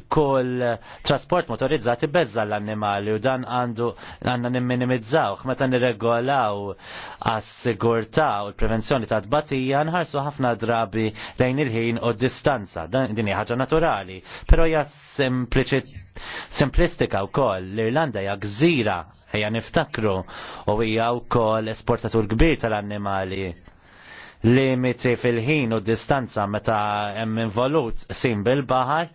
kull trasport motorizzati bezza l-annimali u dan għandu għanna nimminimizzawh meta nirregolaw għas-sigurtà u l-prevenzjoni ta' tbatija nħarsu ħafna drabi lejn il-ħin u d-distanza. Dan dini ħaġa naturali, però hija simplistika wkoll l-Irlanda hija gżira ejja niftakru u hija wkoll esportatur kbir tal-annimali limiti fil-ħin u distanza meta hemm involut sim bil-baħar,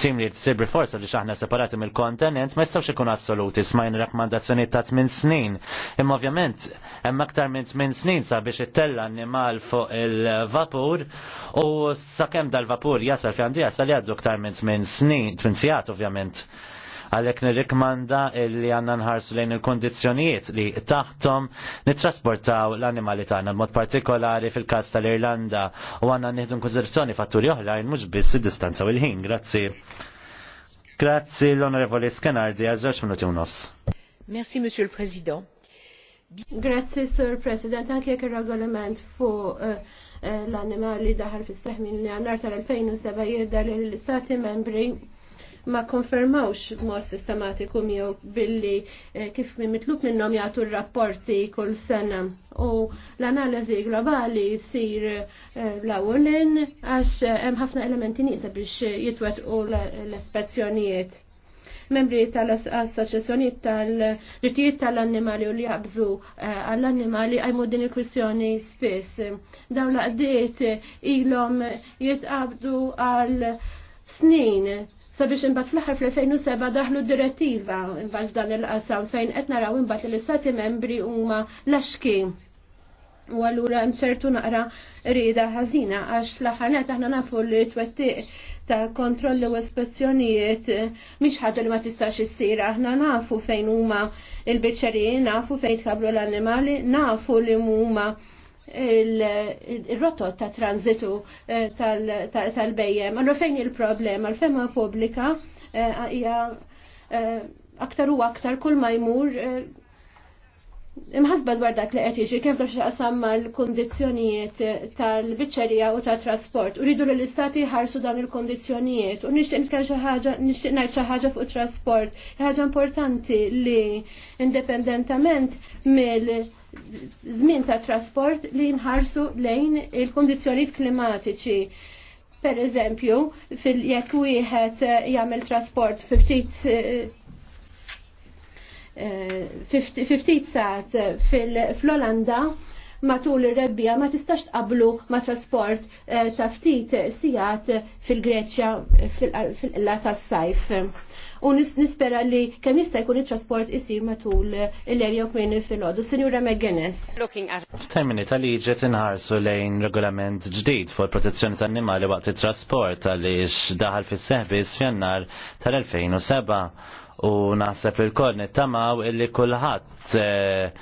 sim li tsib forsa li xaħna separati mill-kontinent, ma jistgħux ikun assoluti smajn rakkomandazzjoni ta' tmien snin. Imma ovvjament hemm aktar minn tmien snin sabiex ittella n-nimal fuq il-vapur u sakemm dal-vapur jasal fjandija għandu jasal jgħaddu aktar minn tmien snin, tmien sigħat ovvjament. Għalhekk nirrikmanda li għandna nħarsu lejn il-kondizzjonijiet li taħtom nittrasportaw l-annimali tagħna b'mod partikolari fil-każ tal-Irlanda u għandna nieħdu konsiderazzjoni fatturi oħrajn mhux biss id-distanza u l-ħin. Grazzi. Grazzi l-Onorevoli Skenardi għal żewġ minuti u nofs. Merci, Monsieur le Président. Grazzi, Sir President, anke regolament fuq eh, eh, l-animali daħal fis-seħmin għannar tal-2007 jidher l-Istati membri ma konfermawx mod sistematiku miegħu billi eh, kif mitlub minnhom jagħtu r-rapporti kull sena. U l-analiżi globali jsir l awlin għax eh, hemm ħafna elementi nieqsa biex jitwetqu l-ispezzjonijiet. Membri tal-assoċjazzjoni tal-drittijiet tal-annimali u li jaqbżu eh, għall-annimali għajmu din il-kwistjoni spiss. Dawn laqdiet ilhom jitqabdu għal snin sabiex imbagħad fl-aħħar fl-2007 daħlu direttiva imbat dan il-qasam fejn qed naraw imbat li l-istati membri huma laxki. U allura m'ċertu naqra rieda ħażina għax fl-aħħar aħna nafu li twettiq ta' kontrolli u ispezzjonijiet mhix ħaġa li ma tistax issir aħna nafu fejn huma il-biċċeriji, nafu fejn tkabru l-annimali, nafu li huma il-rotot ta' tranzitu eh, tal-bejjem. Għallu fejn il-problema, l-fema publika eh, hija eh, aktar u aktar kull ma jmur imħasba dwar dak li qed jiġi kif dak għasamma mal-kundizzjonijiet tal-biċċerija u tat-trasport. Uridu li l-istati ħarsu dan il-kundizzjonijiet u nixtieq nitkellem xi ħaġa nixtieq ngħid xi ħaġa fuq trasport. Ħaġa importanti li indipendentament mill zmin ta' trasport li nħarsu lejn il-kondizjonijiet klimatiċi. Per eżempju, jekk wieħed jagħmel trasport fi ftit ftit saħt fil-Olanda matul ir-rebbija ma tistax tqablu ma trasport ta' ftit sigħat fil-Greċja fil-qilla tas-sajf u nispera li kemm jista' jkun it-trasport isir matul il-erja kmin fil-ħodu. Sinjura McGuinness. F'termini tal-li ġiet inħarsu lejn regolament ġdid fuq il-protezzjoni tan-nimali waqt it-trasport għaliex daħal fis-seħbis f'jannar tal-2007 u naħseb il-kol nittamaw illi kulħadd eh,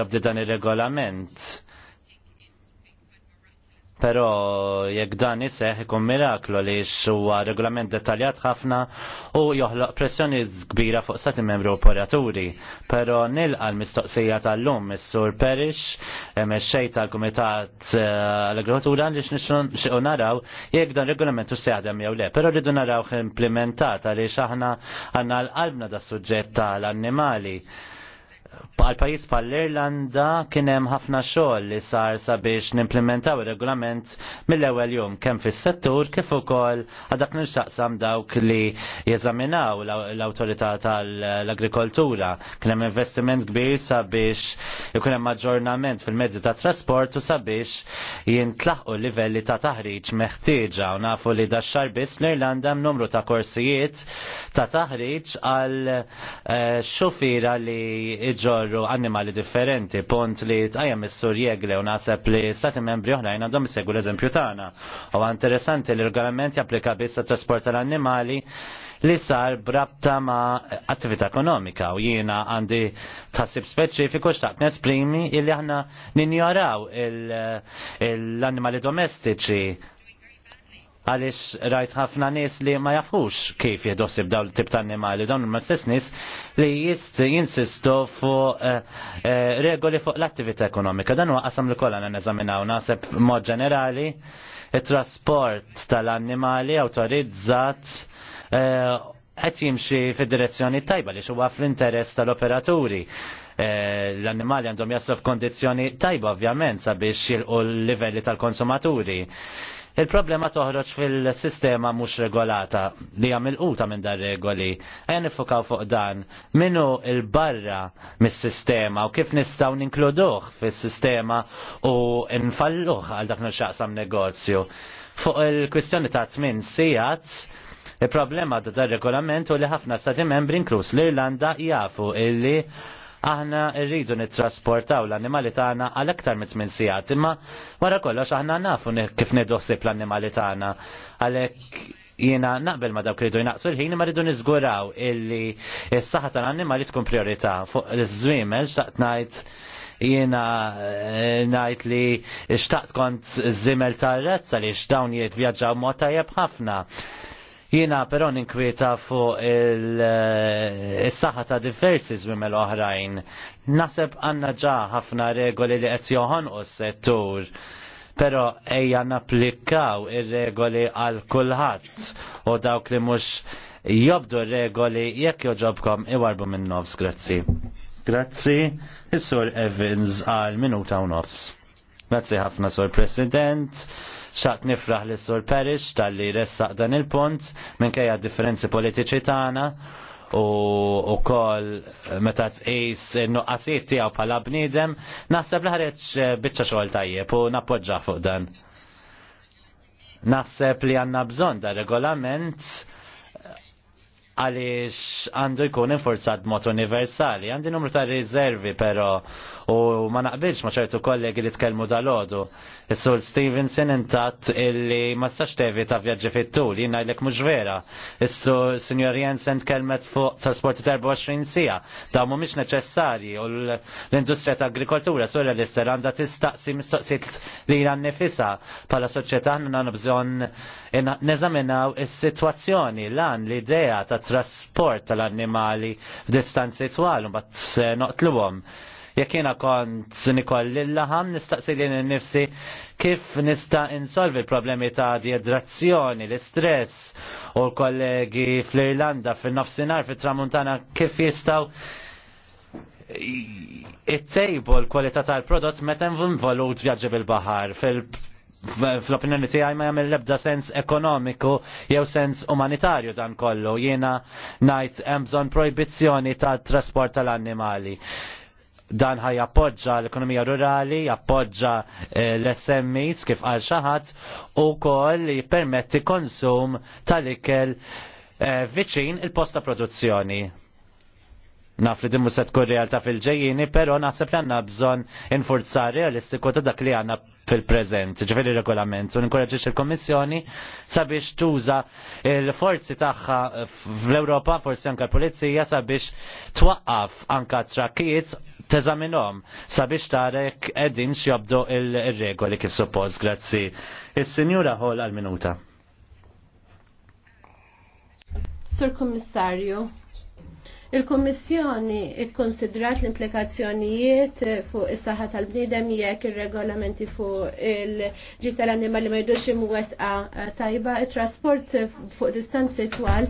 jobdi dan ir regolament Pero jekk dan iseħ ikun miraklu li huwa regolament dettaljat ħafna u joħloq pressjoni kbira fuq sati membru operaturi. Pero nilqa l-mistoqsija tal-lum mis-sur Perix mexxej tal-Kumitat eh, l-Agrikoltura li xnixxu naraw jekk dan regolament u seħdem jew le. Pero rridu naraw implementat għaliex aħna għandna l-qalbna da' suġġett tal-annimali għal pajis pal irlanda kien hemm ħafna xogħol li sar sabiex nimplementaw ir-regolament mill-ewwel jum kemm fis-settur kif ukoll għadak nixtaqsam dawk li jeżaminaw l-awtorità tal-agrikoltura. Kien hemm investiment kbir sabiex ikun hemm aġġornament fil-mezzi ta' trasport u sabiex jintlaħqu livelli ta' taħriġ meħtieġa u nafu li daxxar biss l-Irlanda numru ta' korsijiet ta' taħriġ għal eh, xufiera li iġor dwarru annimali differenti, pont li tqajjem Missur sur jegle u naħseb li stati membri oħrajn għandhom isegwu l-eżempju tagħna. U interessanti li l-regolament japplika biss trasport tal-annimali li sar brabta ma' attività ekonomika u jiena għandi tasib speċifiku xtaqt nesprimi illi aħna ninjoraw l animali domestiċi għalix rajt ħafna nis li ma jafux kif jedossib daw tip ta' animali, dawn ma s nis li jist jinsistu fuq eh, eh, regoli fuq l-attività ekonomika. Dan huwa qasam li kollha neżaminaw naħseb mod ġenerali it-trasport tal-annimali autorizzat eh, qed jimxi fid-direzzjoni tajba li huwa fl-interess tal-operaturi. L-annimali għandhom jaslu f'kondizzjoni tajba ovvjament sabiex jilqu l-livelli tal-konsumaturi Il-problema toħroġ fil-sistema mhux regolata li għamil uta minn dar regoli. Għen nifukaw fuq dan minnu il-barra mis-sistema u kif nistaw ninkluduh fil-sistema u nfalluh għal dak xaqsam negozju. Fuq il-kwistjoni ta' tmin sijat, il-problema da' dar regolament u li ħafna stati membri inkluż l-Irlanda jafu illi aħna rridu nittrasportaw l-annimali tagħna għal aktar minn tmien sigħat, imma wara kollox aħna nafu kif nidoħsib l-annimali tagħna. Għalhekk jiena naqbel ma dawk rridu jnaqsu l-ħin ma rridu niżguraw illi s-saħħa tal-annimali tkun priorità fuq iż żwiemel x'taqt ngħid jiena eh, najt li xtaqt kont zimmel tar-razza li x'dawn jiet vjaġġaw mod tajjeb ħafna. Jiena però ninkwieta fuq il-saħħa eh, ta' diversi żwiemel oħrajn. Naseb għandna ġa ħafna regoli li qed joħonqu s-settur. Però ejja napplikaw ir-regoli għal kulħadd u dawk li mhux jobdu regoli jekk joġobkom iwarbu minn nofs, grazzi. Grazzi, is-sur Evans għal minuta u nofs. Grazzi ħafna, sur President Xaqt nifraħ li sur Perish tal-li ressaq dan il-punt minkejja differenzi politiċi tagħna u wkoll meta tqis in-nuqqasijiet tiegħu bħala bniedem, naħseb li ħareġ eh, biċċa xogħol tajjeb u nappoġġa fuq dan. Naħseb li għandna bżonn da regolament għaliex għandu jkun infurzat b'mod universali. Għandi numru ta' riservi, pero u ma naqbilx ma ċertu kollegi li tkellmu dal-ħodu is Stevenson intat illi ma stax tevi ta' vjaġġi fit-tul, jina jlek mhux vera. Is-Sul Sinjor Jensen tkellmet fuq trasporti 24 sija. Da mhumiex neċessarji u l-industrija tal-agrikoltura sur l-ister għandha tistaqsi mistoqsit li jina nnifisha bħala soċjetà aħna bżonn neżaminaw is-sitwazzjoni lan l-idea ta' trasport tal-annimali f'distanzi twal u mbagħad noqtluhom. Jekk jiena kont nikoll l-laħam nistaqsi li nifsi kif nista' insolvi l-problemi ta' diedrazzjoni, l-istress u l-kollegi fl-Irlanda, fil-nofsinhar, fit-tramuntana kif jistgħu it-tejbu l-kwalità tal-prodott meta involut vjaġġi bil-baħar fil fl-opinjoni tiegħi ma jagħmel l-ebda sens ekonomiku jew sens umanitarju dan kollu. Jiena ngħid hemm bżonn projbizzjoni tat trasport tal-annimali dan ħaj jappoġġa l-ekonomija rurali, jappoġġa eh, l-SMEs kif għal xaħat u kol jippermetti konsum tal-ikel eh, viċin il-posta produzzjoni. Naf li dimmu se tkun realtà fil-ġejjini, però naħseb li għandna bżonn infurzar realistiku ta' dak li għandna fil-preżent, ġifiri regolament, u nkoraġġiex il komissjoni sabiex tuża il-forzi tagħha fl europa forsi anka l-Pulizija sabiex twaqqaf anka trakiet teżaminom sabiex tarek qegħdin x'jobdu il-regoli kif suppost, grazzi. Is-Sinjura Hol għal-minuta. Sur Kommissarju, Il-Kommissjoni ikkonsidrat l-implikazzjonijiet fuq is-saħħa tal-bniedem jekk ir-regolamenti fuq il-ġi tal-annimali ma jdux imwettqa eh, tajba, it-trasport fuq distanzi twal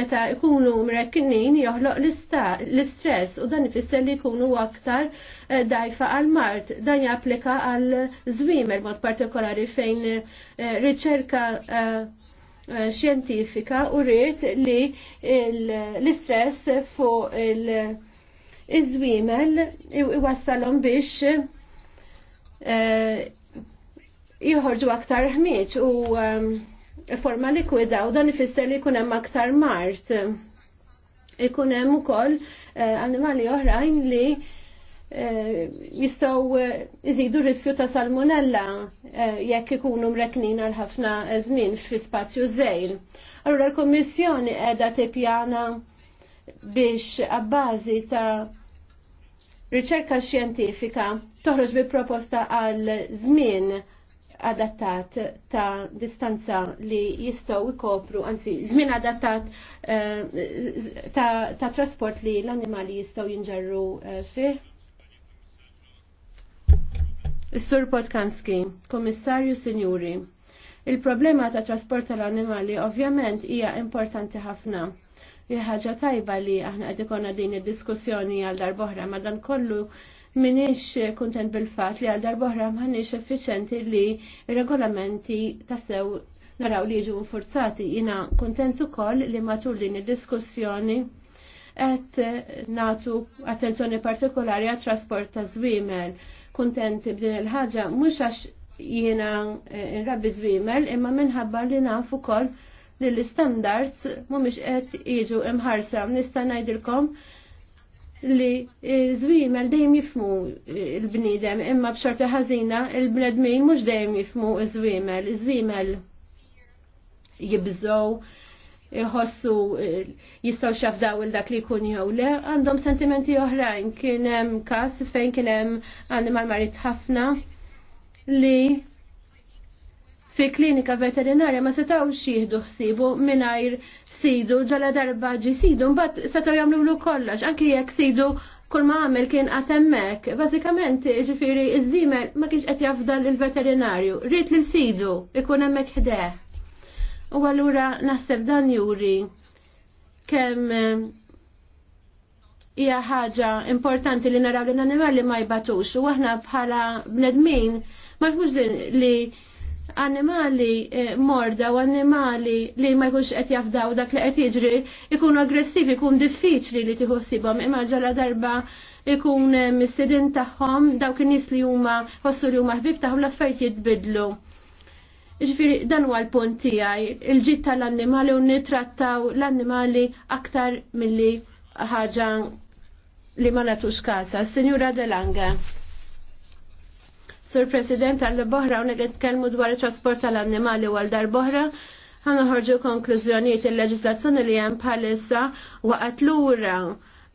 meta jkunu mrekkinin joħloq l-istress u dan ifisser li jkunu aktar eh, dajfa għal mart. Dan japplika għal żwiemer mod partikolari fejn eh, riċerka Eh, xjentifika u rrit li l-istress fuq il-żwiemel iwassalhom biex eh, jħorġu aktar ħmieġ u eh, forma likwida u dan ifisser li jkun hemm aktar mart. Ikun hemm ukoll animali oħrajn li Eh, jistaw eh, iżidu riskju ta' salmonella eh, jekk ikunu mreknin għal ħafna żmien fi spazju żejl. Allura l-Kommissjoni qiegħda tippjana biex abbażi ta' riċerka xjentifika toħroġ bi proposta għal żmien adattat ta' distanza li jistaw ikopru, anzi, żmien adattat ta', ta trasport li l-animali jistaw jinġarru fih. Is-Sur Podkanski, Komissarju Sinjuri, il-problema ta' trasport tal-annimali ovvjament hija importanti ħafna. ħaġa tajba li aħna qed ikolna din id-diskussjoni għal darbohra ma dan kollu minix kuntent bil-fat li għal darbohra maħniex effiċenti li regolamenti tassew naraw li ġu forzati. Jina kuntent ukoll li matul din id-diskussjoni qed natu attenzjoni partikolari għat trasport ta' żwiemel kontent b'din il-ħaġa mhux għax jiena nrabbi eh, żwiemel imma minħabba li nafu ukoll li l-istandards mhumiex qed jiġu imħarsa nista' ngħidilkom li żwiemel eh, dejjem jifmu eh, l-bniedem imma b'xorta ħażina il-bnedmin mhux dejjem jifmu żwiemel żwiemel jibżgħu jħossu eh, jistaw xafdaw il-dak li kun jew le, għandhom sentimenti oħrajn. Kien hemm każ fejn kien hemm animal marit ħafna li fi klinika veterinarja ma setaw xieħdu ħsibu mingħajr sidu ġala darba ġi sidu, mbatt setaw jagħmlu kollox, anki jekk sidu kull ma għamil kien għatemmek. Bazzikament, ġifiri, iż-żimel ma kienx qed jafdal il-veterinarju. Rrit li sidu ikun hemmhekk ħdeħ. U għallura naħseb dan juri kemm eh, hija ħaġa importanti li naraw li l-animali ma jbatux u aħna bħala bnedmin ma jkunx li animali eh, morda u animali li ma jkunx qed jafdaw dak li qed jiġri ikunu aggressivi ikun diffiċli li tieħu ssibhom. imma ġala darba ikun eh, mis-sidin tagħhom dawk in-nies li huma ħossu li huma ħbib tagħhom l-affarijiet jitbidlu Ġifiri, dan huwa l-punt tiegħi, il-ġid tal-annimali u nitrattaw l-annimali aktar milli ħaġa li ma nagħtux kasa. Sinjura Delanga. Sur President għall boħra unek tkellmu dwar it-trasport tal-annimali għal dar boħra ħana ħorġu konklużjonijiet il-leġislazzjoni li hemm bħalissa waqgħet lura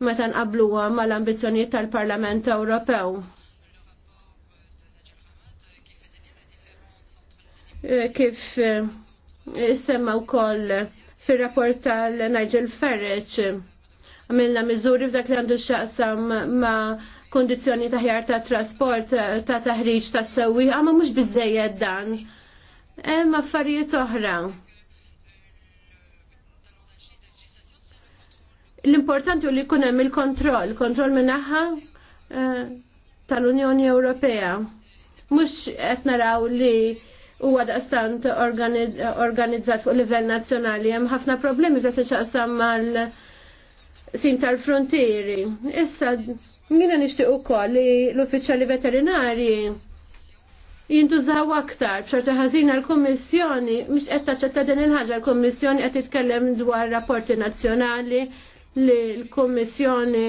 meta nqabluha mal-ambizzjonijiet tal-Parlament Ewropew Eh, kif eh, semma wkoll fir-rapport tal-Nigel Farage għamilna miżuri f'dak li għandu xaqsam ma' kondizjoni taħjar ta' trasport ta' taħriġ ta' sewi, għamma mux bizzejed dan. Hemm affarijiet oħra. L-importanti li jkun hemm il-kontroll, kontroll minnaħħa eh, tal-Unjoni Ewropea. Mhux qed naraw li u stant organizzat fuq livell nazzjonali Hemm ħafna problemi f'dak li xaqsam mal sim tal-frontieri. Issa, mina nixtieq ukoll li l-uffiċjali veterinari jintużaw aktar b'xorta ħażina l-Kummissjoni mhux qed ċetta din il-ħaġa l-Kummissjoni qed titkellem dwar rapporti nazzjonali li l-Kummissjoni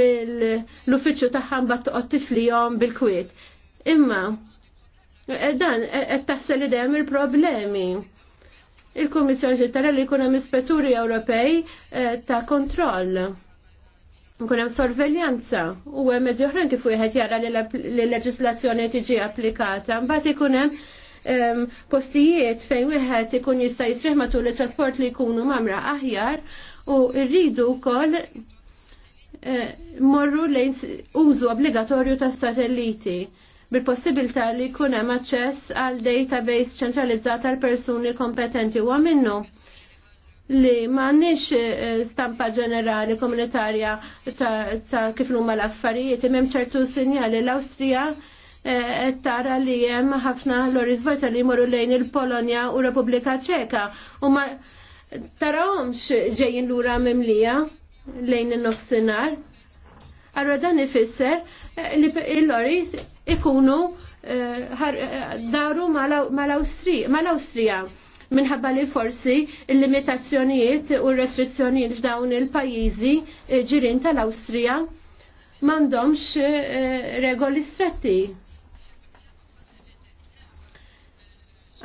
mill-uffiċċju bat mbagħad toqgħod tiflihom bil-kwiet. Imma Eh, dan, qed eh, eh, taħsel li dejjem il-problemi. Il-Kummissjoni ġittara li jkun hemm ispetturi Ewropej ta' kontroll. Nkun hemm sorveljanza u hemm mezzi oħrajn kif wieħed jara li l-leġislazzjoni tiġi applikata. Mbagħad ikun hemm postijiet fejn wieħed ikun jista' jisriħ matul it-trasport li jkunu mamra aħjar u rridu wkoll morru lejn użu obbligatorju ta' satelliti bil-possibilità li jkun hemm aċċess għal database ċentralizzata għal persuni kompetenti u għaminnu li m'għandniex eh, stampa ġenerali komunitarja ta', ta kif l-umma l-affarijiet imem ċertu sinjali l-Awstrija eh, qed tara li hemm ħafna l-oriżvolta li jmorru lejn il-Polonja u Repubblika Ċeka u ma tarawhomx ġejjin lura mimlija lejn in-nofsinhar. Allora dan ifisser Eh, li il loris ikunu eh, eh, daru mal-Awstrija minħabba li forsi il-limitazzjonijiet u r-restrizzjonijiet f'dawn il-pajjiżi ġirin tal-Awstrija m'għandhomx regoli stretti.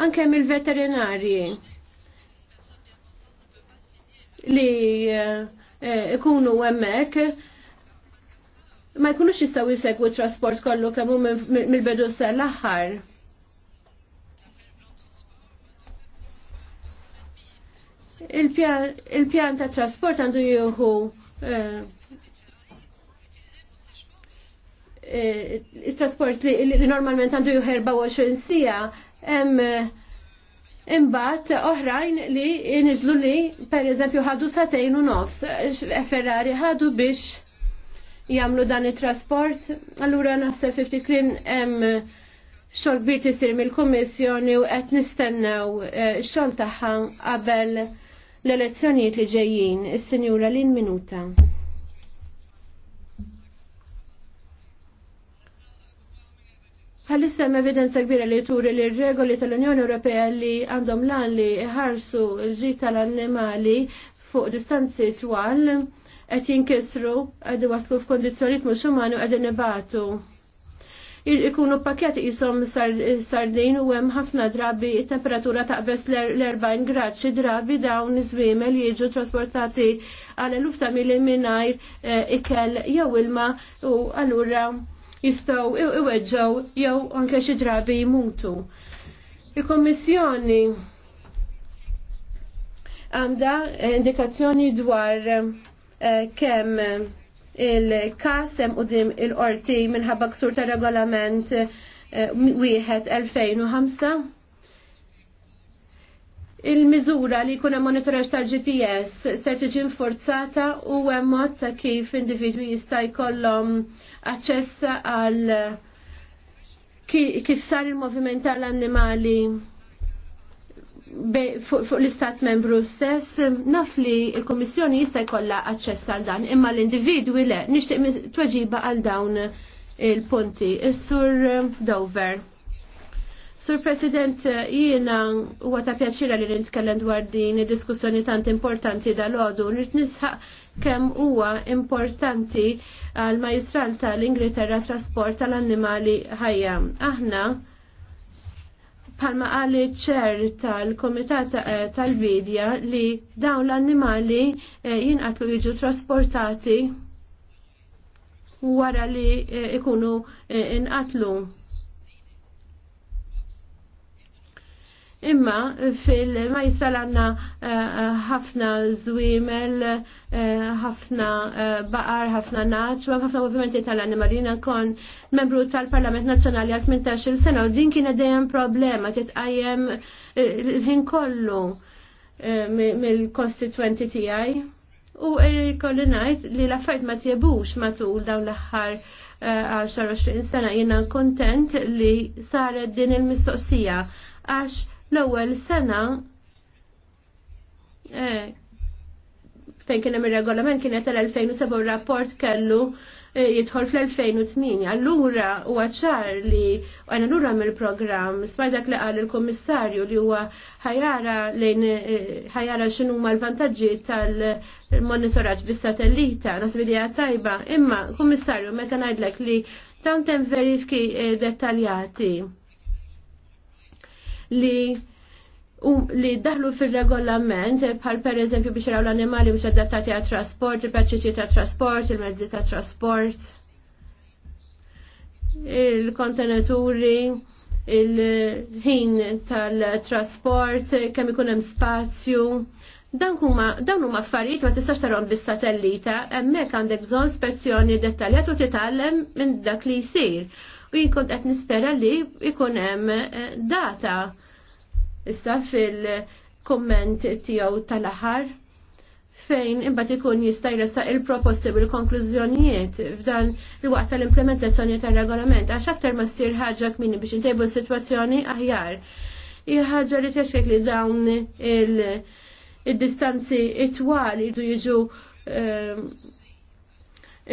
Anke mill-veterinarji li ikunu hemmhekk ma jkunux jistaw jisegwu trasport kollu kemmu mill-bidu sal-aħħar. Il-pjan ta' trasport għandu juhu eh, eh, il-trasport li normalment għandu juhu 24 sija, Imbat, oħrajn li nizlu li, per eżempju, ħadu satejn u nofs, Ferrari ħadu biex Jamlu dan it-trasport. Allura naħseb fifti klin hemm xogħol kbir tisir mill-Kummissjoni u qed nistennew eh, xogħol tagħha qabel l-elezzjonijiet li ġejjin. Is-Sinjura lin minuta. Għal-issem evidenza kbira li turi li regoli tal-Unjoni Ewropea li għandhom lan li ħarsu l-ġit tal-annimali fuq distanzi twal qed jinkisru qed waslu f'kondizzjonijiet mhux umani u qegħdin ibatu. Ikunu pakket jisom sardin u hemm ħafna drabi temperatura taqbes l-40 grad xi drabi dawn li jiġu trasportati għal eluf ta' mili mingħajr eh, ikel jew ilma u allura jistgħu iweġġew jew anke xi drabi jimutu. Il-Kommissjoni għandha indikazzjoni dwar Eh, kemm eh, il kasem hemm dim il-qorti minħabba ksur ta' regolament eh, wieħed 2005. Il-miżura li jkun hemm monitoraġġ tal-GPS ser tiġi nforzata u hemm mod ta' kif individwi jista' jkollhom aċċess għal kif sar il-moviment tal-annimali fuq l-istat membru stess, naf li il-Komissjoni jista' jkollha aċċess għal dan, imma l-individwi le, nixtieq tweġiba għal dawn il-punti. Is-Sur Dover. Sur President, jiena huwa ta' pjaċira li nitkellem dwar din id-diskussjoni tant importanti dal-għodu, nrid nisħaq kemm huwa importanti għal majistral tal-Ingilterra trasport tal-annimali ħajja. Aħna palma għali ċer tal-Komitat eh, tal-Bidja li dawn l-annimali eh, jinqatlu jiġu trasportati wara li eh, ikunu inqatlu. Imma fil-majsal għanna eh, eh, ħafna zwimel, eh, ħafna baqar, ħafna naċ, naċwa, ħafna movimenti tal-animalina kon membru tal-Parlament Nazzjonali għal 18 sena u din kienet dejjem problema titqajjem l-ħin kollu mill-konstituenti tiegħi. U kolli najt li l-affarijiet ma tjebux matul dawn l-aħħar 10-20 sena jiena kontent li saret din il-mistoqsija għax L-ewwel sena eh, fejn kien hemm ir-regolament kienet tal-2007 rapport kellu eh, jidħol fl-2008. Allura huwa ċar li għajna lura mill-programm smaj dak li qal il-Kummissarju li huwa ħajara lejn eh, ħajara huma l-vantaġġi tal-monitoraġġ bis-satellita nasib li tajba, imma Kummissarju meta ngħidlek li tant hemm verifiki dettaljati li u li daħlu fil-regolament eh, bħal per eżempju biex raw l-animali biex adattati għat trasport, il-paċċiċi ta' trasport, il-mezzi ta' trasport, il kontenituri il-ħin tal-trasport, kemm ikun hemm spazju. Dan huma affarijiet ma tistax tarhom bis-satellita, hemmhekk għandek bżonn spezzjoni dettaljat u titgħallem minn dak li jsir u jien kont qed nispera li jkun hemm eh, data issa fil-komment tiegħu tal-aħħar fejn imbagħad ikun jista' jressaq il-proposti bil-konklużjonijiet f'dan il-waqt tal-implementazzjoni tar-regolament għax aktar ma ssir ħaġa kmini biex intejbu s-sitwazzjoni aħjar. Hija ħaġa li texkek li dawn il-distanzi it-twal irdu jiġu eh,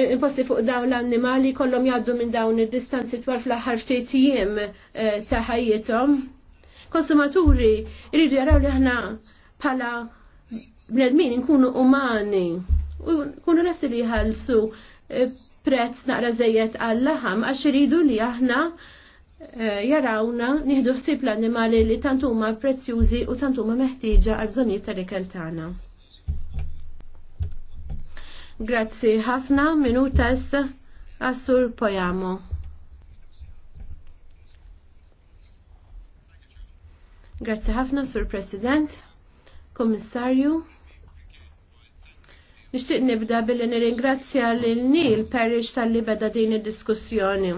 Eh, imposti fuq dawn l-annimali kollom jaddu minn dawn id-distanzi twar fl-aħħar ftit jiem eh, ta' ħajjithom. Konsumaturi jridu jaraw li aħna bħala bnedmin nkunu umani u nkunu nesti li jħallsu eh, prezz naqra żejjed għall-laħam għax iridu li aħna jarawna nieħdu ftit l-annimali li tantuma prezzjużi u tantuma meħtieġa għal bżonnijiet tal-ikel tagħna. Grazzi ħafna minuta issa Assur Pojamo. Grazzi ħafna, Sur President, Kommissarju. Nixtieq nibda billi nirringrazzja lil Nil perriċ tal-li beda din id-diskussjoni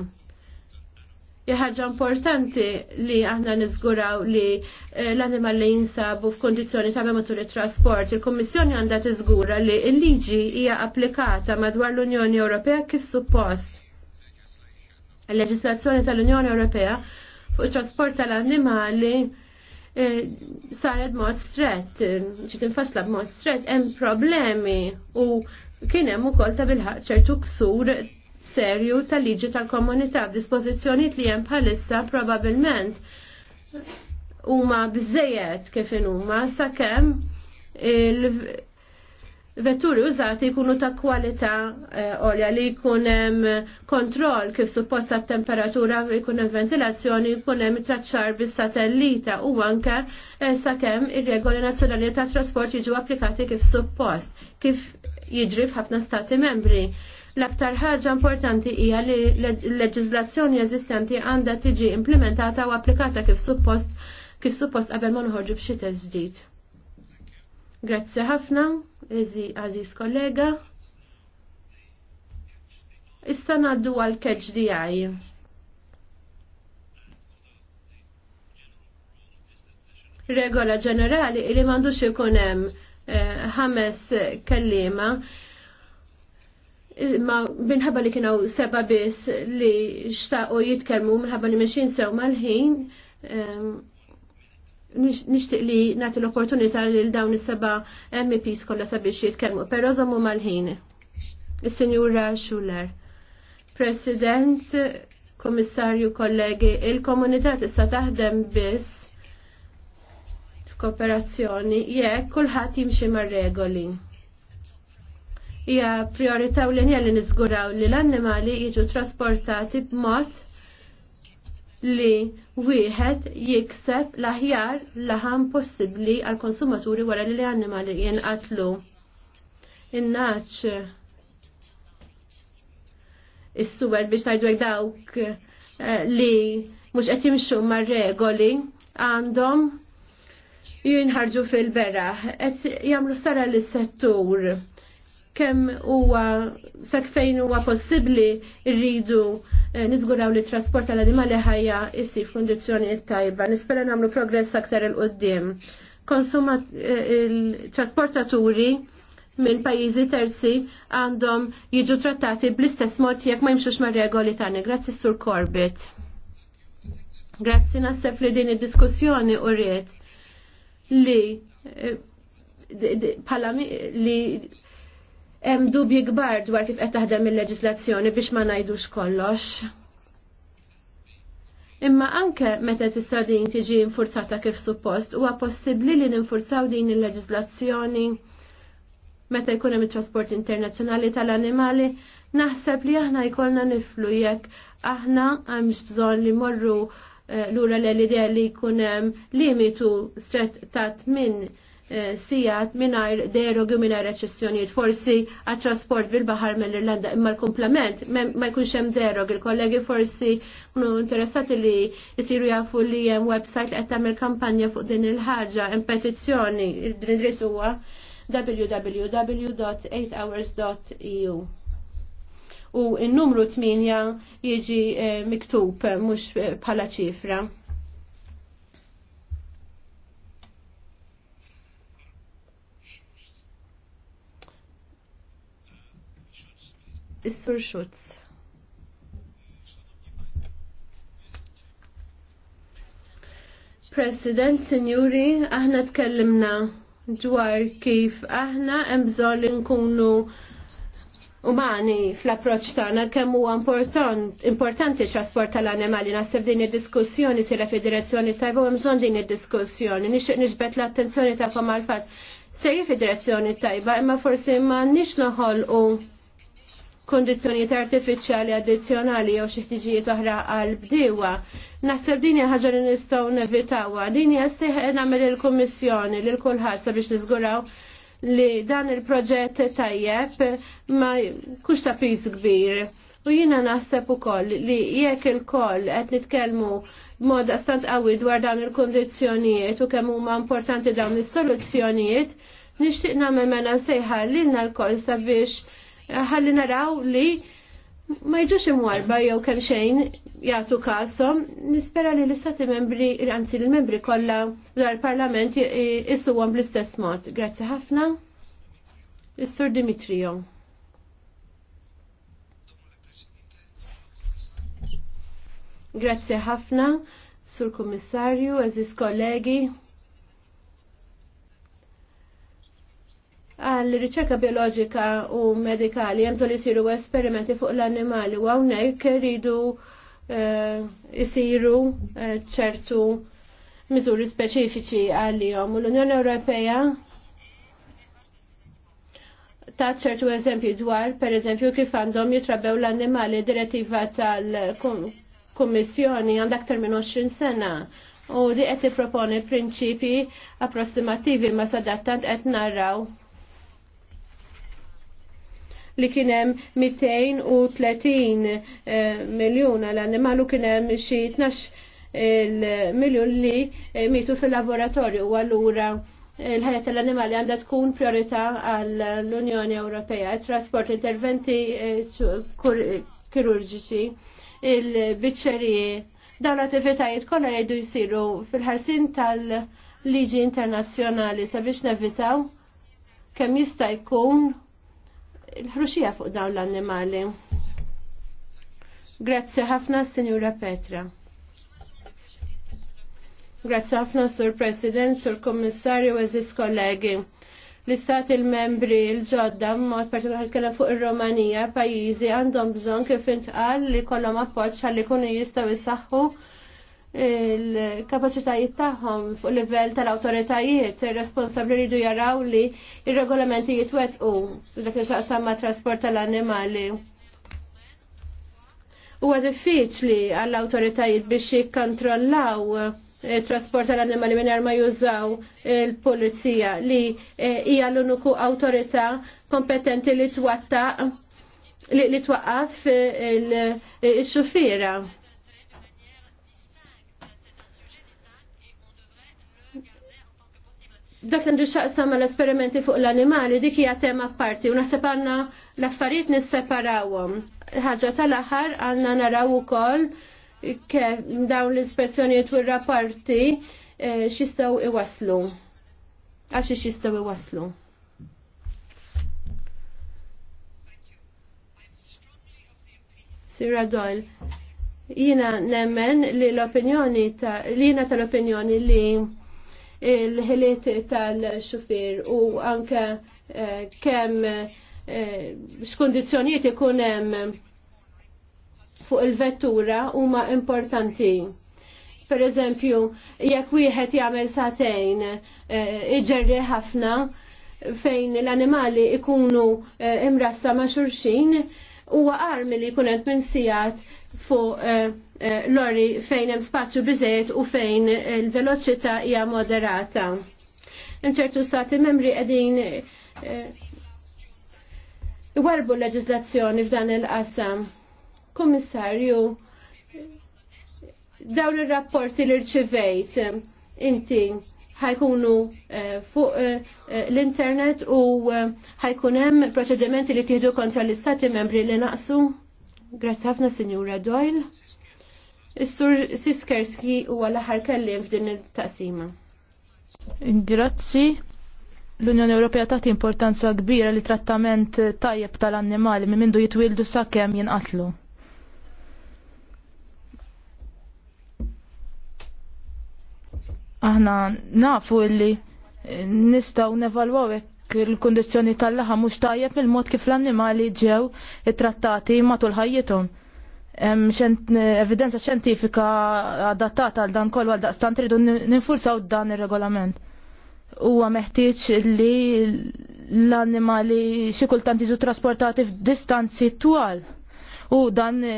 ħaġa importanti li aħna niżguraw li eh, l-animal li jinsabu f'kondizzjoni ta' li trasport. Il-Kommissjoni għandha tiżgura li l-liġi hija applikata madwar l-Unjoni Ewropea kif suppost. Il-leġislazzjoni tal-Unjoni Ewropea fuq trasport tal-annimali eh, saret mod stret, ċi tinfasla b'mod stret, hemm problemi u kien hemm ukoll ta' bilħaq ċertu ksur serju tal-liġi tal-komunità dispożizzjonijiet li hemm bħalissa probabbilment huma biżejjed kif huma sakemm il-vetturi użati jkunu ta' kwalità eh, olja li jkun hemm kontroll kif suppost tat-temperatura jkun hemm ventilazzjoni jkun hemm traċċar bis-satellita u anke eh, sakemm ir-regoli nazzjonali tat trasport jiġu applikati kif suppost kif jiġri f'ħafna stati membri. L-aktar ħaġa importanti hija li l-leġiżlazzjoni eżistenti għandha tiġi implementata u applikata kif suppost kif suppost qabel ma nħorġu b'xi test ġdid. Grazzi ħafna, għażiż kollega. Issa ngħaddu għal catch DI. Regola ġenerali li m'għandux ikun hemm eh, ħames kellima ma minħabba li kienu seba biss li xtaqu jitkelmu minħabba li mexin sew mal-ħin nixtieq li nagħti l-opportunità lil dawn is-seba MPs kollha sabiex jitkellmu, per żommu mal-ħin. Is-Sinjura Schuller. President, Komissarju, kollegi, il-komunità tista' taħdem biss f'kooperazzjoni jekk kulħadd jimxi mar-regoli hija priorità u l-inja li niżguraw li l-annimali jiġu trasportati b'mod li wieħed jikseb l-aħjar laħam possibbli għal konsumaturi wara li l-annimali jinqatlu. Innaċ is-suwed biex tajdu dawk eh, li mux qed jimxu mar-regoli għandhom jinħarġu fil-berra, qed jagħmlu sara lis settur kemm huwa sakfejn huwa possibbli rridu eh, niżguraw li trasport tal-animali ħajja issi f'kundizzjonijiet tajba. Nispera nagħmlu progress aktar il qudiem Konsuma eh, il-trasportaturi minn pajjiżi terzi għandhom jiġu trattati bl-istess mod jekk ma jimxux mar regoli tani. Grazzi Sur Corbett. Grazzi naħseb li din id-diskussjoni u rrit li pala eh, li hemm dubji kbar dwar kif qed taħdem il-leġislazzjoni biex ma ngħidux kollox. Imma anke meta tista' din tiġi infurzata kif suppost, huwa possibbli li ninfurzaw din il-leġislazzjoni meta jkun hemm it-trasport internazzjonali tal-annimali, naħseb li aħna jkollna niflu jekk aħna għandx bżonn li morru eh, lura l-idea li jkun hemm limitu strett ta' minn Eh, sijat minar derogi minar eċessjoniet forsi għat trasport bil-bahar mill-Irlanda imma l-komplement ma jkunx hemm derog il-kollegi forsi kunu interessati li jisiru jafu li hemm website li qed tagħmel kampanja fuq din il-ħaġa hemm petizzjoni l indriz huwa www.8hours.eu u n-numru 8 jiġi eh, miktub mhux eh, bħala ċifra. Is-Sur Schutz. President, Sinjuri, aħna tkellimna dwar kif aħna hemm bżonn nkunu umani fl-approċ tagħna kemm huwa importanti trasport tal-annimali naħseb din id-diskussjoni sira fi direzzjoni tajba u bżonn din id-diskussjoni. Nixtieq niġbed l-attenzjoni tagħkom għal fatt sejja fi direzzjoni tajba imma forsi ma nix noħolqu kondizjoniet artifiċjali addizzjonali jew xi ħtiġijiet oħra għal bdiewa. Naħseb din hija ħaġa li nistgħu nevitawha. Din hija seħ nagħmel il-Kummissjoni lil kulħadd sabiex niżguraw li dan il-proġett tajjeb ma kux ta' pis kbir. U jina naħseb ukoll li jekk il-koll qed nitkellmu b'mod stant qawwi dwar dawn il kundizzjonijiet u kemm huma importanti dawn is-soluzzjonijiet, nixtieq nagħmel mena sejħa lilna l-koll sabiex ħalli naraw li ma jġux imwarba jew kemm xejn jagħtu kasom, nispera li l-istati membri, anzi l-membri kollha dal-Parlament issuhom bl-istess mod. Grazzi ħafna. Is-Sur Dimitrijo. Grazzi ħafna, Sur Kummissarju, Aziz kollegi. għal riċerka biologika u medikali jemżol jisiru esperimenti fuq l-annimali u għawnek rridu jisiru eh, eh, ċertu miżuri speċifiċi għal-jom u l-Unjoni Ewropea ta' ċertu eżempju dwar, per eżempju, kif għandhom jitrabew l-annimali direttiva tal-Kommissjoni għandak termin 20 sena. U di qed tipproponi prinċipi approssimativi ma sadattant qed narraw li kien hemm 230 eh, miljon għal animalu kien hemm xi 12 eh, miljun li eh, mitu fil-laboratorju u allura il-ħajja tal-animali għandha tkun priorità għall-Unjoni Ewropea, trasport, interventi kirurġiċi, il-biċċeriji, dawn l-attivitajiet kollha jgħidu jsiru fil-ħarsin tal-liġi internazzjonali sabiex nevitaw kemm jista' jkun il ħruxija fuq dawn l-annimali. Grazzi ħafna, Sinjura Petra. Grazzi ħafna, Sur President, Sur Kommissarju, Eżis kollegi. L-istat il-membri l-ġodda, mod partikolari kellem fuq il-Romanija, pajizi għandhom bżon kif intqal li kollom appoċ għalli kunu jistgħu jisaxħu il-kapacitajiet tagħhom fuq livell tal-awtoritajiet ir-responsabbli jridu jaraw li ir-regolamenti jitwetqu dak il saqsam ma' trasport tal-annimali. Huwa diffiċli għall-awtoritajiet biex jikkontrollaw eh, trasport tal-annimali mingħajr ma jużaw il-pulizija li eh, hija l-uniku awtorità kompetenti li twatta li twaqqaf il-xufiera. Eh, il xufiera dak għandu xaqsam mal esperimenti fuq l-animali dik hija tema parti u naħseb għandna l-affarijiet nisseparawhom. Ħaġa tal-aħħar għandna naraw ukoll kif dawn l-ispezzjonijiet u r-rapporti eh, jistgħu iwaslu. Għax jistgħu iwaslu. Sira Doyle, jina nemmen li l-opinjoni ta' li jina tal-opinjoni li il-ħiliet tal-xufir u anke eh, kemm eh, x'kundizzjonijiet ikun hemm fuq il-vettura huma importanti. Per eżempju, jekk wieħed jagħmel satejn eh, iġerri ħafna fejn l-animali ikunu imrassa ma' xurxin, huwa armi li jkun hemm sigħat fuq Eh, lori fejn hemm spazju biżejt u fejn il-veloċità hija moderata. Inċertu stati membri qegħdin eh, warbu l-leġislazzjoni f'dan il-qasam. Kummissarju, dawn ir-rapporti li rċivejt inti ħajkunu eh, fuq l-internet u ħajkun hemm proċedimenti li tieħdu kontra l-istati membri li naqsu. Grazzi ħafna, Sinjura Doyle. Is-sur Siskerski huwa l-aħħar kelli f'din il-taqsima. Grazzi. L-Unjoni Ewropea tagħti importanza kbira li trattament tajjeb tal-annimali minn mindu jitwildu sakemm jinqatlu. Aħna nafu illi nistgħu nevalwaw il kundizzjoni tal-laħa mhux tajjeb mill-mod kif l-annimali ġew ittrattati matul ħajjithom evidenza xjentifika adattata għal dan kol għal daqstan tridu ninfursaw dan ir-regolament. Huwa meħtieġ li l-annimali xi kultant jiġu trasportati f'distanzi twal. U dan e,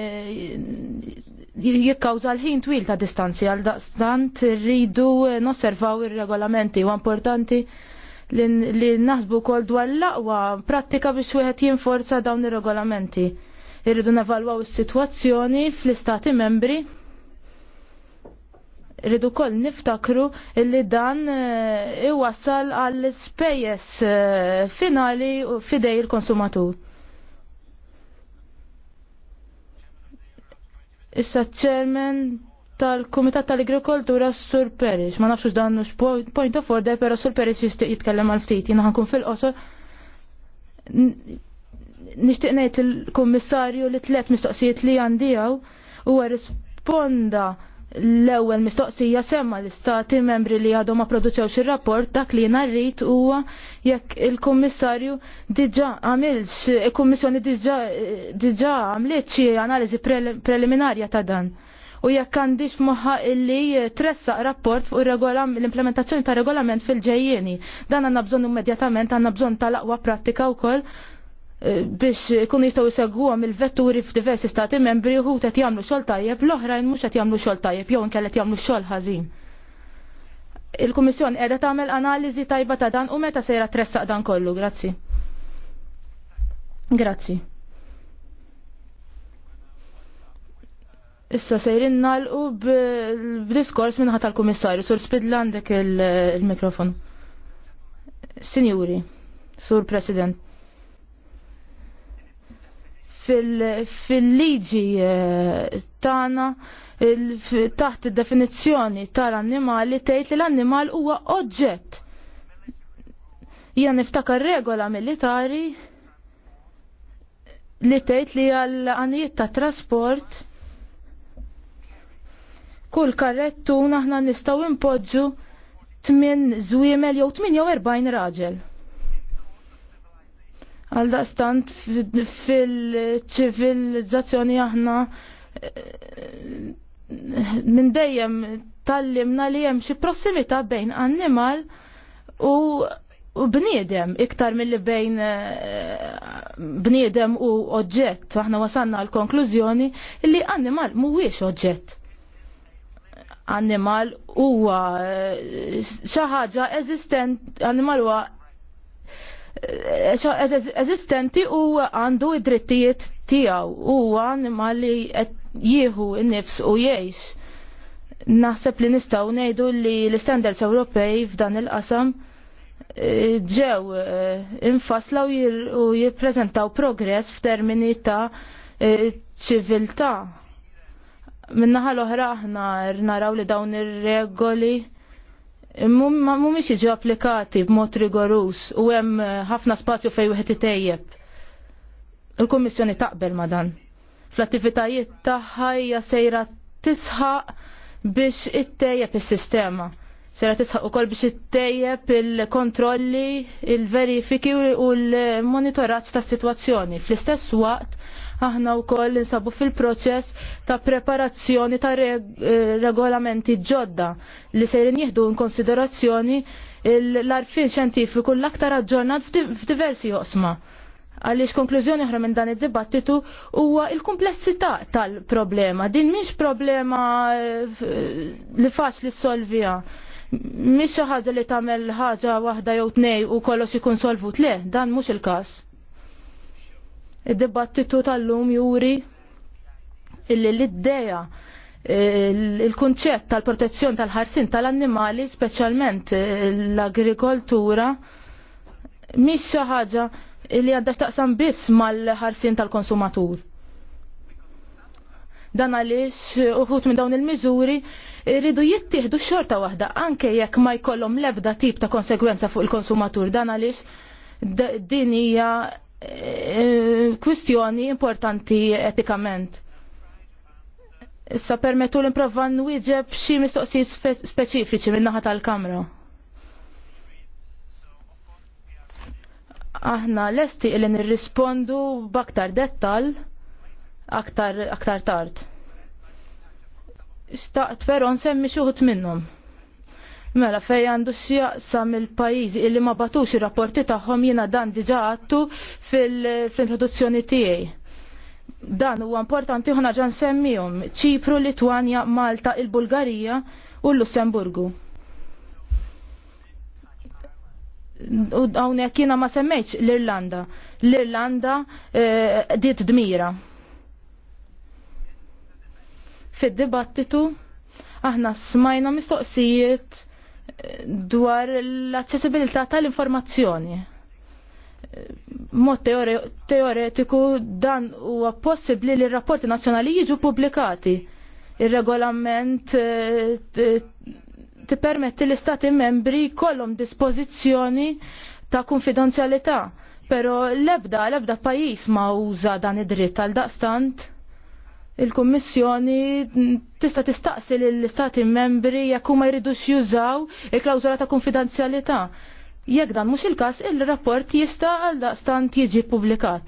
jikkawża l-ħin twil ta' distanzi għal daqstant rridu e, nosservaw ir-regolamenti u importanti li naħsbu kol dwar l-aqwa prattika biex wieħed jinforza dawn ir-regolamenti. Irridu nevalwaw is-sitwazzjoni fl-istati membri. Rridu koll niftakru illi dan eh, iwassal għall spejjes eh, finali u fidej il-konsumatur. Issa ċermen tal-Kumitat tal-Agrikoltura Sur Peris. Ma nafxux dan nux point of order, pero Sur Peris jitkellem għal-ftit. Jina ħankun fil-qosor nixtieq ngħid il-kummissarju li tliet mistoqsijiet li għandijaw huwa risponda l-ewwel mistoqsija semma l-istati membri li għadhom ma produċewx ir-rapport dak li narrit huwa jekk il-kummissarju diġà għamilx il-kummissjoni diġà għamliet xi analiżi preliminarja ta' dan. U jekk għandix moħħa illi tressaq rapport fuq l-implementazzjoni ta' regolament fil-ġejjieni. Dan għandna bżonn immedjatament, għandna bżonn tal-aqwa prattika wkoll biex kun jistaw jisegħu għam il-vetturi f'diversi stati membri u għet jamlu xol tajjeb, l-oħrajn mux għet jamlu xol tajjeb, jow nkellet jamlu xol ħazin. Il-Komissjon edha tagħmel analiżi tajba ta' dan u meta sejra tressaq dan kollu, grazzi. Grazzi. Issa sejrin nalqu b'diskors minnaħat tal-Komissarju, sur spidla għandek il-mikrofon. Signori, sur President fil-liġi eh, tagħna taħt id-definizzjoni tal-annimali tgħid li l-annimal huwa oġġett. Jgħan niftakar regola militari li tgħid li għal għanijiet ta' trasport kull karrettu aħna nistgħu impoġġu tmien żwiemel jew tmin jew erbajn raġel. Għal daqstant fil-ċivilizzazzjoni aħna eh, minn dejjem tallimna li hemm xi prossimità bejn animal u bniedem iktar mill-li bejn eh, bniedem u oġġett. Aħna wasanna l-konklużjoni li annimal mhuwiex oġġett. Animal huwa eh, xi ħaġa eżistent, animal huwa eżistenti u għandu id-drittijiet tijaw u għan li jieħu n-nifs u jiex. Naħseb li nistaw nejdu li l-standards Ewropej f'dan il-qasam eh, ġew eh, infaslaw u jippreżentaw progress f'termini ta' eh, ċiviltà. Minnaħa l-oħra aħna naraw li dawn ir-regoli mhumiex jiġu applikati b'mod rigorus u hemm eh, ħafna spazju fejn wieħed itejjeb. Il-Kummissjoni taqbel ma dan. Fl-attivitajiet tagħha hija sejra tisħaq biex ittejjeb is-sistema. Sera tisħaq ukoll biex ittejjeb il-kontrolli, il-verifiki u l-monitoraġġ tas-sitwazzjoni. Fl-istess waqt Aħna wkoll insabu fil-proċess ta' preparazzjoni ta' eh, regolamenti ġodda li sejrin jieħdu in konsiderazzjoni l-arfin xjentifiku l-aktar aġġornat f'diversi joqsma għaliex konklużjoni oħra minn dan id-dibattitu huwa il kumplessità tal-problema. Din mhix problema eh, li faċli solvija. Mhix xi ħaġa li tagħmel ħaġa waħda jew tnej u kollox ikun solvut le, dan mhux il-każ. Id-dibattitu tal-lum juri illi l-iddeja il-kunċett tal-protezzjoni tal-ħarsin tal-annimali, speċjalment eh, l-agrikoltura, mhix xi ħaġa li għandha x'taqsam biss mal-ħarsin tal-konsumatur. Dan għaliex uħut minn dawn il-miżuri irridu jittieħdu xorta waħda anke jekk ma jkollhom lebda tip ta' konsegwenza fuq il-konsumatur. Dan għaliex din hija Eh, kwistjoni importanti etikament. Issa permettu l n nwieġeb xi mistoqsijiet speċifiċi min-naħa tal-kamra. Aħna lesti li nirrispondu b'aktar dettal aktar, aktar tard. Staqt però nsemmi xuħut minnhom. Mela fej għandu x'jaqsam il-pajjiżi illi ma batux ir-rapporti tagħhom jiena dan diġà għattu fil-introduzzjoni tiegħi. Dan huwa importanti ħuna ġan semmijom Ċipru, Litwanja, Malta, il-Bulgarija u l-Lussemburgu. U hawnhekk jiena ma semmejtx l-Irlanda. L-Irlanda eh, diet dmira. Fid-dibattitu aħna smajna mistoqsijiet dwar l-accessibilità tal-informazzjoni. Mod teoretiku dan huwa possibbli li r-rapporti nazzjonali jiġu pubblikati. Ir-regolament eh, tipermetti l-istati membri kollhom dispożizzjoni ta' konfidenzjalità, però l-ebda l-ebda pajjiż ma uża dan id-dritt għal daqstant il-Kommissjoni tista' tistaqsi lill-Istati membri jekk huma jridux jużaw il-klawżola ta' konfidenzjalità. Jekk dan mhux il-każ, il-rapport jista' għal daqstant jiġi pubblikat.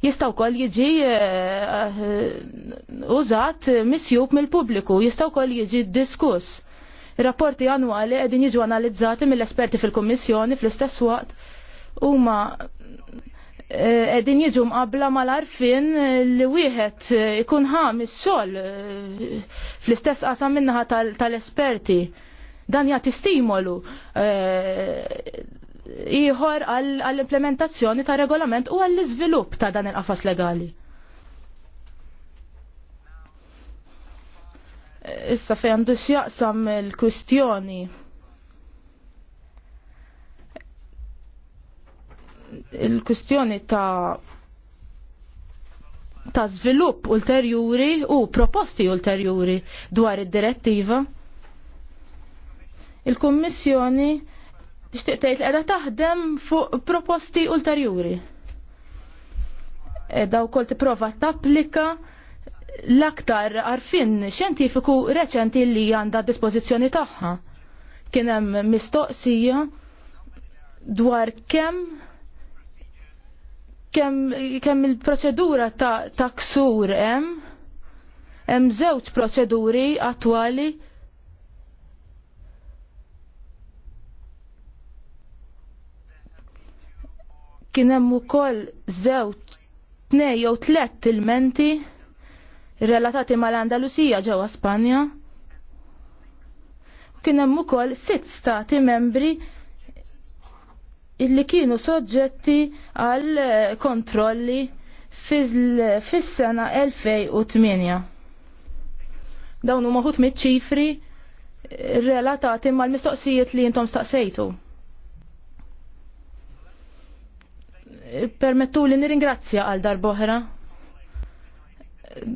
Jista' wkoll jiġi eh, użat misjub mill-pubbliku, jista' wkoll jiġi diskuss. Rapporti annwali qegħdin jiġu analizzati mill-esperti fil-Kummissjoni fl-istess waqt huma Eh, edin jiġu mqabla mal-arfin eh, li wieħed eh, ikun ħam is-sol fl-istess qasam minnaħa tal-esperti. Dan jagħti stimolu ieħor għall-implementazzjoni ta' regolament u għall-iżvilupp ta' dan il-qafas legali. Issa fejn dux jaqsam il-kwistjoni il-kustjoni ta' ta' svilupp ulterjuri u proposti ulterjuri dwar id-direttiva. Il-Kummissjoni tixtieq tgħid qiegħda taħdem fuq proposti ulterjuri. Edha wkoll tipprova tapplika l-aktar arfin xjentifiku reċenti li għandha dispożizzjoni tagħha. Kien hemm mistoqsija dwar kemm kemm kem il-proċedura ta', ta ksur hemm hemm żewġ proċeduri attwali kien hemm ukoll żewġ tnej jew tlet tilmenti relatati mal-Andalusija ġewwa Spanja. Kien hemm ukoll sitt stati membri illi kienu soġġetti għal eh, kontrolli fis-sena 2008. Dawn huma ħut miċ-ċifri eh, relatati mal-mistoqsijiet li jintom staqsejtu. Eh, permettu li nirringrazzja għal darboħra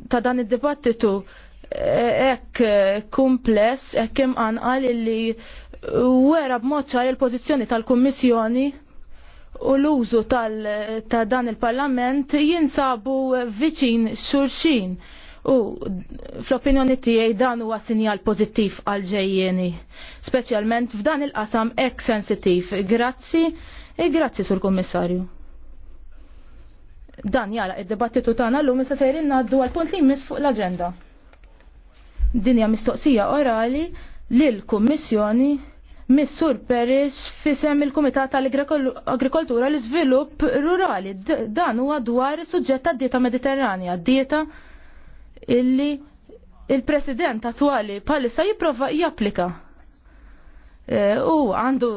ta' dan id-dibattitu ek kumpless, ek kim anqal illi wera b'mod ċar il-pożizzjoni tal-Kummissjoni u l-użu ta' dan il-Parlament jinsabu viċin xurxin. U fl-opinjoni tiegħi dan huwa sinjal pożittiv għal ġejjeni, speċjalment f'dan il-qasam ek sensittiv. Grazzi, e grazzi sur Kommissarju. Dan jara id-dibattitu tagħna llum issa sejrin ngħaddu għal punt li jmiss fuq l-aġenda. Dinja mistoqsija orali lil kummissjoni Missur Peris fisem il-Kumitat tal-Agrikoltura l-Iżvilupp Rurali. Dan huwa dwar is-suġġett tad-dieta mediterranja, dieta illi il-President attwali palissa jipprova japplika. Eh, u għandu